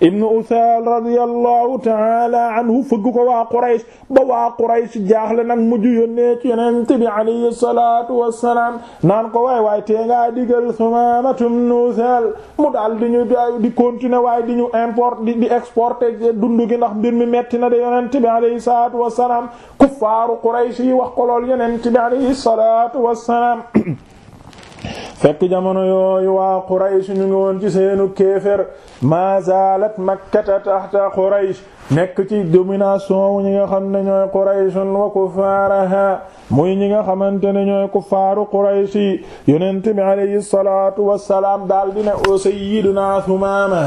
ibnu Usaal radiyallahu ta'ala anhu fëgg ko waa Quraysh ba waa Quraysh jaaxle nag mujj yónnee ci yonent bi alayhi salaatu wassalaam naan ko waay waay tee ngaa digal Sumaama ibnu Usaal mu daal ñu di continuer waaye di ñu import di exporter dund gi ndax mbir mi metti na de yonent bi alayhi salaatu wassalaam kuffaaru Quraysh yi wax ko lool yonent bi alayhi salaatu wassalaam fekk jamono yooyu waa Quraysh ñu ngi woon ci seenu kéefër ma zaalat makkata tahta Quraysh nekk ci domination wu ñi nga xam ne ñooy qurayshun wa kuffaaraha muy ñi nga xamante ne ñooy kuffaaru quraysh yi yonent bi alayhi salaatu wassalaam daal di ne o sayyiduna Sumaama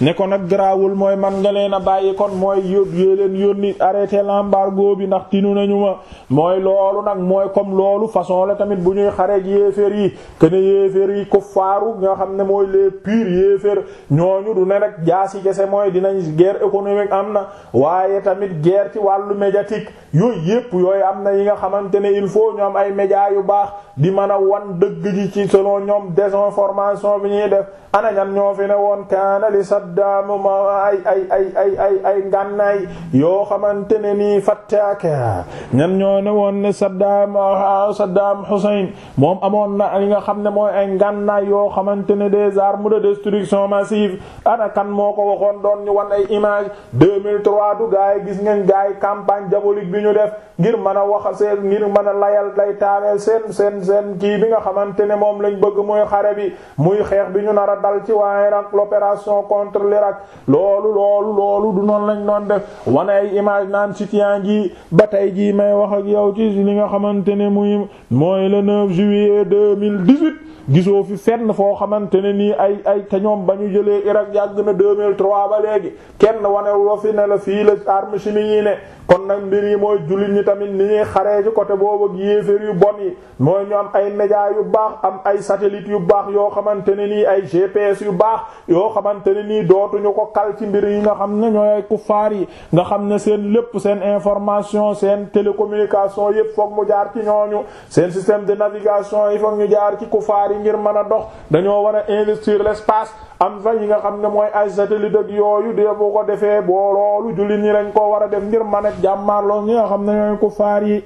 ne ko nag garaawul mooy man nga leen a bàyyi kon mooy yób yée leen yónni arrêté l'embargo bi ndax tinu nañu ma mooy loolu nag mooy comme loolu façon la tamit bu ñuy xareeg yéeféer yi kene yéeféer yi kuffaaru nga xam ne mooy les pires yéeféer ñooñu du ne rek jaasi kese mooy dinañ guerre économique am na waaye tamit guerre wàllu médiatique yooyu yépp yooyu am na yi nga xamante ne il faut ñoom ay médias yu baax di mën a wan dëgg ji ci selon ñoom désinformation bi ñuy def ana fi ne woon kaana li Saddam ma ay ay ay ay ay ay yoo xamante ne nii fattaaka ñan ñoo ne woon ne Saddam ah, Saddam moom amoon na li nga xam ne mooy ay ngànnaay yoo xamante ne des armes de destruction massive ana kan moo ko waxoon doon ñu wan ay image 2003 du gaa yi gis ngeen gaa yi campagne diabolique bi ñu def ngir mën a wax seen ngir mën a layal day taareel seen seen seen kii bi nga xamante ne moom lañ bëgg muy xare bi muy xeex bi ñu nar a dal ci waa Irak l'opération contre l'Irak loolu loolu loolu du noon lañ doon def wane ay image naan sitien gi ba tey jii may wax ak yow ci li nga xamante ne muy mooy le 9 gisoo fi fenn foo xamante ne nii ay ay te ñoom ba ñu jëlee Irak yàgg na 2003 ba léegi kenn wane loo fi ne la fii la armes chimiques yi ne. kon mbir yi mooy jullit ñi tamit ni ñuy xaree ci côté boobu ak yu bon yi mooy ñu am ay média yu baax am ay satellite yu baax yoo xamante ne nii ay GPS yu baax yoo xamante ne nii dootuñu ko kal ci mbir yi nga xam ne ñooy ay kuffaar yi nga xam ne seen lépp seen information seen télécommunication yépp foog mu jaar ci ñooñu seen système de navigation yi foog ñu jaar ci kuffaar yi ngir mën a dox dañoo war a l'espace am fa yi nga xam ne mooy ay satellite ak yooyu de bu ko defee boo loolu jullit ñi lañ ko war a def ngir man ak jàmmaarloo ñi nga xam ne ñooy ko faar yi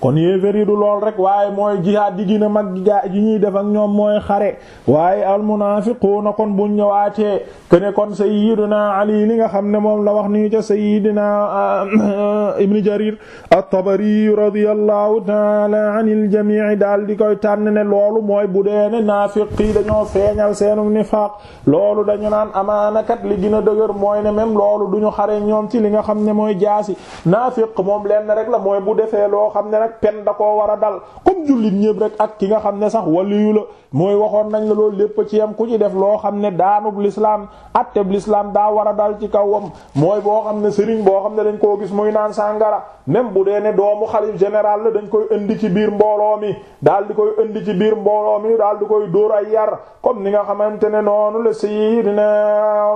kon yéefér yi lool rek waaye mooy jihaad di gën a mag gaa yi ñuy def ak ñoom mooy xare waaye almunaafiquuna kon buñ ñëwaatee kene kon sayyidina Ali li nga xam ne moom la wax ni ca sayyidina euh, ibn Jarir at-Tabari radiyallahu ta'ala anil jamii daal di koy tànn ne loolu mooy bu deene naafiqi dañoo feeñal seenu nifaaq loolu dañu naan amaanakat li gën a dëgër mooy ne même loolu duñu xare ñoom ci li nga xam ne mooy jaasi naafiq moom lenn rek la mooy bu defee loo xam ne rek pen da koo war a dal comme jullit ñépp rek ak ki nga xam ne sax waliyu la mooy waxoon nañ la loolu lépp ci yam ku ci def loo xam ne daanub lislaam atteb lislaam daa war a dal ci kawam mooy boo xam ne sëriñ boo xam ne dañ koo gis muy naan sàngara même bu dee ne doomu xalif général la dañ koy indi ci biir mbooloo mi daal di koy indi ci biir mbooloo mi daal di koy dóor ay yar comme ni nga xamante ne noonu la Sayyidina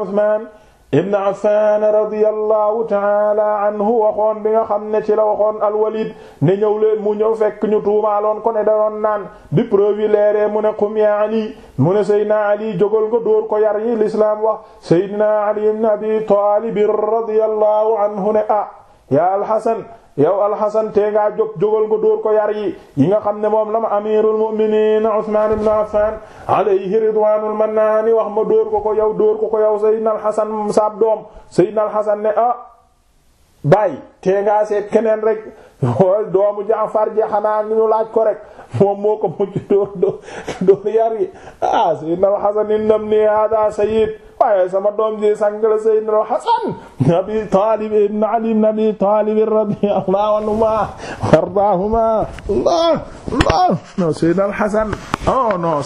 Usman ibn Affan radiyallahu taala anhu waxoon bi nga xam ne ci la waxoon alwalid ne ñëw leen mu ñëw fekk ñu tuumaaloon ko ne da naan bi preuve leere mu ne qum ya Ali mu ne Seydina Ali jógal nga dóor ko yar yi l'islam wax Seydina Ali ibn Abi Talib radiyallahu anhu ne ah ya al-Hasan yow alxasan tee ngaa jóg jógal ko dóor ko yar yi yi nga xam ne moom la ma amirul mu'minin Usman ibn Affan alayhi ridwanul mannaani wax ma dóor ko ko yow dóor ko ko yow sayyidna alxasan saab doom sayyidna alxasan ne ah bàyyi tee ngaa seet keneen rek wooy doomu Jaafar ji xanaa laaj ko rek moom moo ko mujj dóor dóor yar hasan ah, innam ni hada sayyid waaye sama doom ji sangla sayyidna al-Hasan abi Talib ibn Ali ibn Talib radiyallahu Allah Allah non sayyidna oh,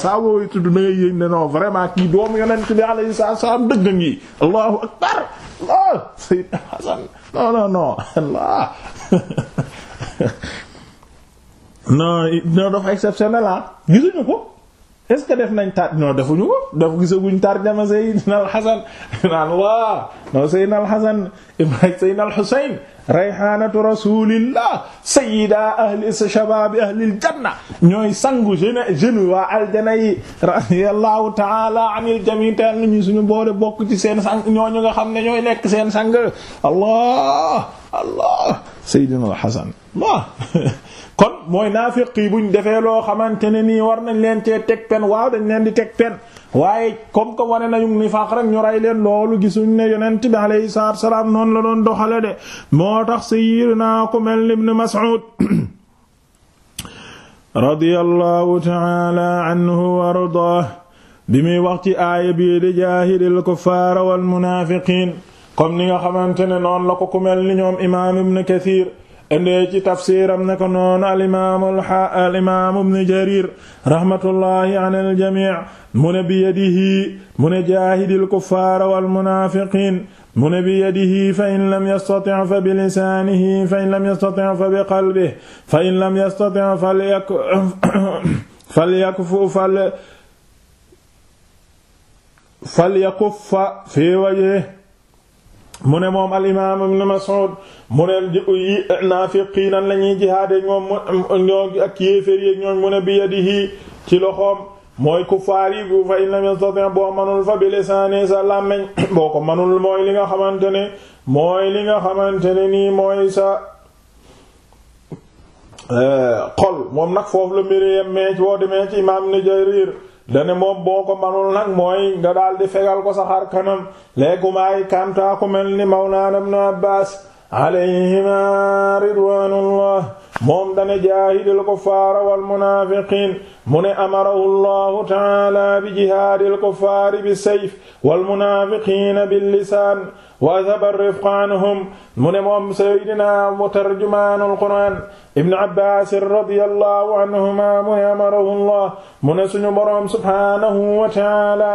al kii doomu yonent bi alayhi dëgg akbar Allah sayyidna hasan non non non subhaanallah non non dafa exceptionnel ah gisuñu ko est-ce que def nañ tar non defuñu ko def gisaguñ tarjama Seydina al-Hasan naan waa non Seydina al-Hasan ibn Seydina al-Husayn ñooy sangu jeune jeune waa aljana yi ñu suñu boole bokk ci seen sang ñooñu nga xam ne ñooy nekk seen sang allah Seydina al kon mooy naafiq yi buñ defee loo xamante ne nii war nañ leen cee teg pen waaw dañ leen di teg pen waaye comme que na nañu nifaaq rek ñu leen loolu gisuñ ne yonent bi alayhi salaatu salaam noonu la doon doxale de moo tax sayyidina ku mel ni Ibn Mas'ud radiyallahu ta'ala anhu wa ardaah bi muy wax ci aaya bii di jaahidil kuffaara wal munaafiqiin comme ni nga xamante ne noonu la ko ku ni ñoom imaam Ibn Kathir indee ci tafsiram naka noonu alimamu alimamu ibn jarir rahmatullahi ala aljamii mu ne bi yadihi mu ne jaahidil kuffaara wal munaafiqiin mu ne bi yadihi fa in lam yastati' fa bi lisaanihi fa in lam yastati' fa bi qalbihi fa in lam yastati' falyakfu falyakuffa fii wajhihi mu ne moom al imaam ibn Mas'ud mu ne yi naafiqiina lañuy jihaade ñoom ñoo ak yéefér yi ñoom mu ne bi yadihi ci loxoom mooy kufaar yi bu fa in lam yastati' boo manul fa bi lisaani sa làmmiñ boo ko manul mooy li nga xamante ne mooy li nga xamante ne nii mooy sa eh, xol moom nag foofu la mbiri yemmee boo demee ci imaam ni Jarir dane moom boo ko manul nag mooy nga daal di fegal ko sa xar kanam léegumaay kantaa ku mel ni mawlaana ibn Abbaas alayhima ridwaanullah moom dane jaahidil kuffaar wal munaafiqiin mu amarahu llahu taala bi jihaadil kuffaari bi sayf wal munaafiqiina bil lisaan wa dhaba rifqa anhum mu ne moom sayyidina wa tarjumaanul qur'aan ibn Abbaas radiyallahu anhuma mu ne amarahu Allah mu ne suñu boroom subhaanahu wa ta'aala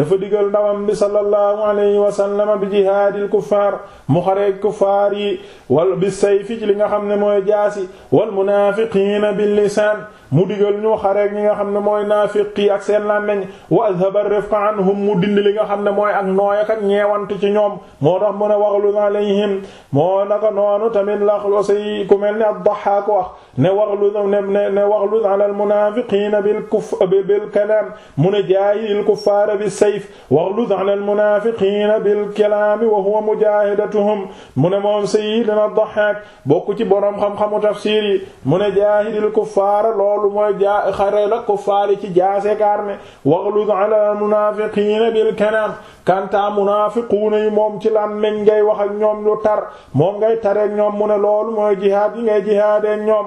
dafa digal ndawam bi sallallahu alayhi wa sallam bi jihaadil kuffaar mu xareej kuffaar yi wal bi sayfi ci li nga xam ne mooy jaasi wal munaafiqiina bil lisaan mu digal ñu xareek ñi nga xam ne mooy naafiqi ak seen làmmeñ wa adhaba rifqa anhum mu dindi li nga xam ne mooy ak nooy ak ñeewant ci ñoom moo tax mu ne waxlun alayhim moo naka noonu tamit la ku mel ni ad-Dahhaak wax ne waxlud ne ne waxlud ala al munaafiqiina bil kuf bil kalaam mu ne jaahidil kuffaara bis sayf waxlud ala al munaafiqiina bil kalaami wa huwa mujaahidatuhum mu ne moom sayyidina Dahhaak bokk ci boroom xam-xamu tafsiir yi mu ne jaahidil kuffaara loolu mooy jaa xare la kuffaar yi ci jaase karme waxlud ala al munaafiqiina bil kalaam kanta munaafiquuna yi moom ci làmmiñ ngay wax ak ñoom lu tar moom ngay tareek ñoom mu ne loolu mooy jihaad yi ngay jihaadee ñoom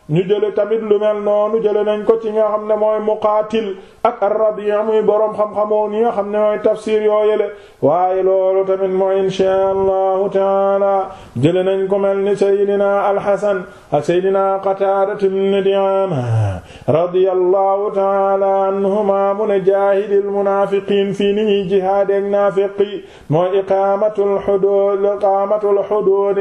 ñu jël tamit lu mel noonu jële nañ ko ci nga xam ne mooy muqaatil ak ar-Rabi' muy xam xam ne mooy tafsir yooyele waaye loolu tamit mooy inshaa allahu taala jële nañ ko mel ni saydina al-Hasan ak saydina Qataada ibn Di'aama radiyallahu taala anhuma mu ne jaahidil munaafiqiin fii ni ñuy jihaadeek naafiqi mooy iqaamatul huduud iqaamatul huduud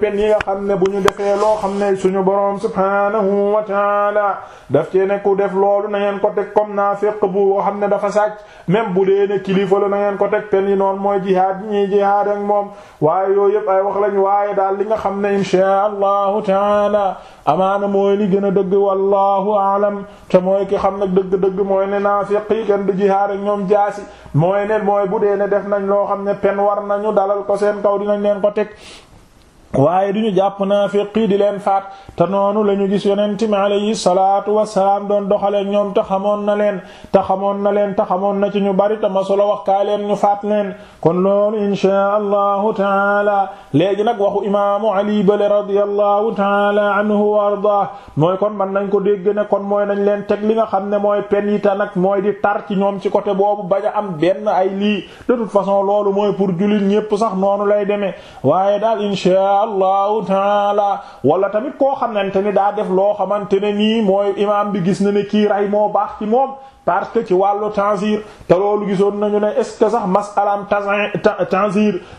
pen yi nga ne bu ñu defee loo xam ne suñu suñu boroom subhaanahu wa taala daf cee ne ku def loolu na ngeen ko teg comme naafiq bu xam ne dafa sàcc même bu dee ne kilifa la na ngeen ko teg pen yi noonu mooy jihaad yi ñuy jihaad moom waaye yooyu yëpp ay wax lañ waaye daal li nga xam ne inshaa allahu taala amaana mooy li gën a dëgg wallahu aalam te mooy ki xam nag dëgg-dëgg mooy ne naafiq yi kenn du jihaad ak ñoom jaasi mooy ne mooy bu dee ne def nañ loo xam ne pen war nañu dalal ko seen kaw dinañ leen ko teg waaye duñu jàpp naafiqi di leen faat te noonu la ñu gis yonent mi alayhi salaatu wasalaam doon doxalee ñoom te xamoon na leen te xamoon na leen te na ci ñu bari te ma solo wax kaay leen ñu faat leen kon loolu inchaa allahu taala léegi nag waxu imaamu ali bale radiallahu taala anhu wa ardah mooy kon man nañ ko dégg ne kon mooy nañ leen teg li nga xam ne mooy pen yi ta nag mooy di tar ci ñoom ci côté boobu bañ am benn ay lii de toute façon loolu mooy pour jullit ñépp sax noonu lay demee waaye daal inchaa allahu taala wala tamit koo xamante ni daa def loo xamante ne nii mooy imaam bi gis na ne kii ray moo baax ci moom parce que ci wàllu tanzir te loolu gisoon nañu ne est-ce que sax masalaam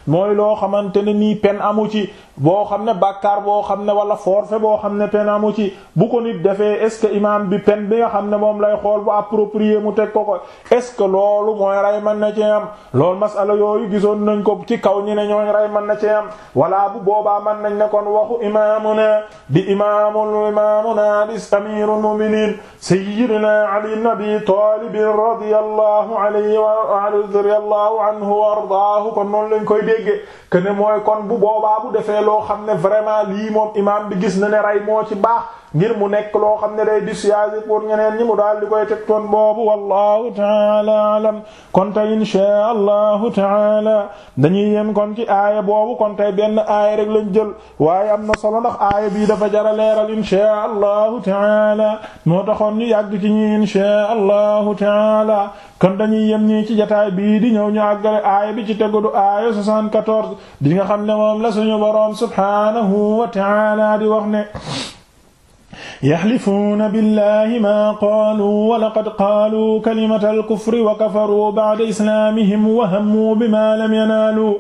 mooy loo xamante ne nii pen amu ci boo xam ne bàkkaar boo xam ne wala forfait boo xam ne pen amu ci bu ko nit defee est-ce que imam bi pen bi nga xam ne moom lay xool bu approprié mu teg ko ko est-ce que loolu mooy man mën na ci am loolu masala yooyu gisoon nañ ko ci kaw ñi ne ñooy rey mën na ci am wala bu boobaa mën nañ ne kon waxu imamuna di imamul imamuna di amirul mu'minin sayyidina ali nabi Taalib radiyallahu alayhi wa radiyallahu anhu wa ardaahu kon noonu lañ koy déggee que ne mooy kon bu boobaa bu defee loo xam ne vraiment lii moom imaam bi gis na ne rey moo ci baax. ngir mu nekk loo xam ne day dissuasif pour ñeneen ñi mu daal di koy teg toon boobu wallahu taala alam kon tey inshaa allahu taala dañuy yem kon ci aaya boobu kon tey benn aaya rek lañ jël waaye am na solo ndax aaya bii dafa jara leeral inshaa allahu taala moo taxoon ñi yàgg ci ñi inshaa allahu taala kon dañuy yem nii ci jataay bii di ñëw ñu àggale aaya bi ci tegudu aaya 74 di nga xam ne moom la suñu boroom subhanahu wa taala di wax ne yaxlifuuna billahi maa qaaluu wa laqad qaaluu kalimata alkufri wa kafaruu ba'da islaamihim wa hammuu bimaa lam yanaaluu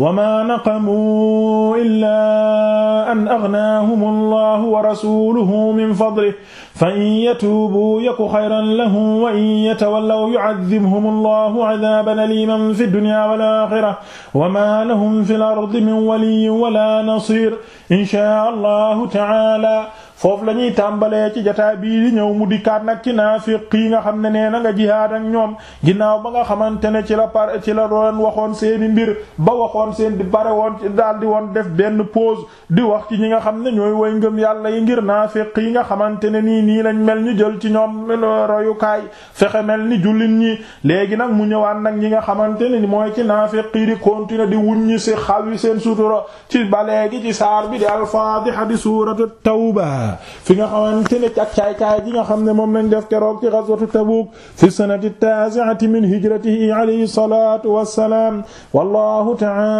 wa maa naqamuu illaa an agnaahum allahu wa rasuluhu min fadlihi fa in yatuubuu yaku xayran lahum wa in yatawallaw yu'adhibhum allahu 'adhaaban aliiman fi dunya wal aaxira wa maa lahum fil ardi min waliyyin wa laa nasiir inshaa allahu ta'aala foofu la ñuy tàmbalee ci jotaay bii di ñëw mu dikkaat nag ci naafiq yi nga xam ne nee na nga jihaad ak ñoom ginnaaw ba nga xamante ne ci la par ci la doon waxoon seeni mbir ba waxoon xam seen di bare woon ci daal di def benn pause di wax ci ñi nga xam ne ñooy way ngëm yàlla yi ngir naafiq yi nga xamante ne nii nii lañ mel ñu jël ci ñoom royukaay fexe mel ni jullit ñi léegi nag mu ñëwaan nag ñi nga xamante ne mooy ci naafiq yi di continuer di wuññi si xaw yi seen sutura ci ba léegi ci saar bi di al-Faatiha di suuratu tawba fi nga xamante ne ak caay caay ji nga xam ne moom lañ def keroog ci ghazwatu Tabuk fi sanati taasi'ati min hijratihi alayhi salaatu wassalaam wallahu ta'ala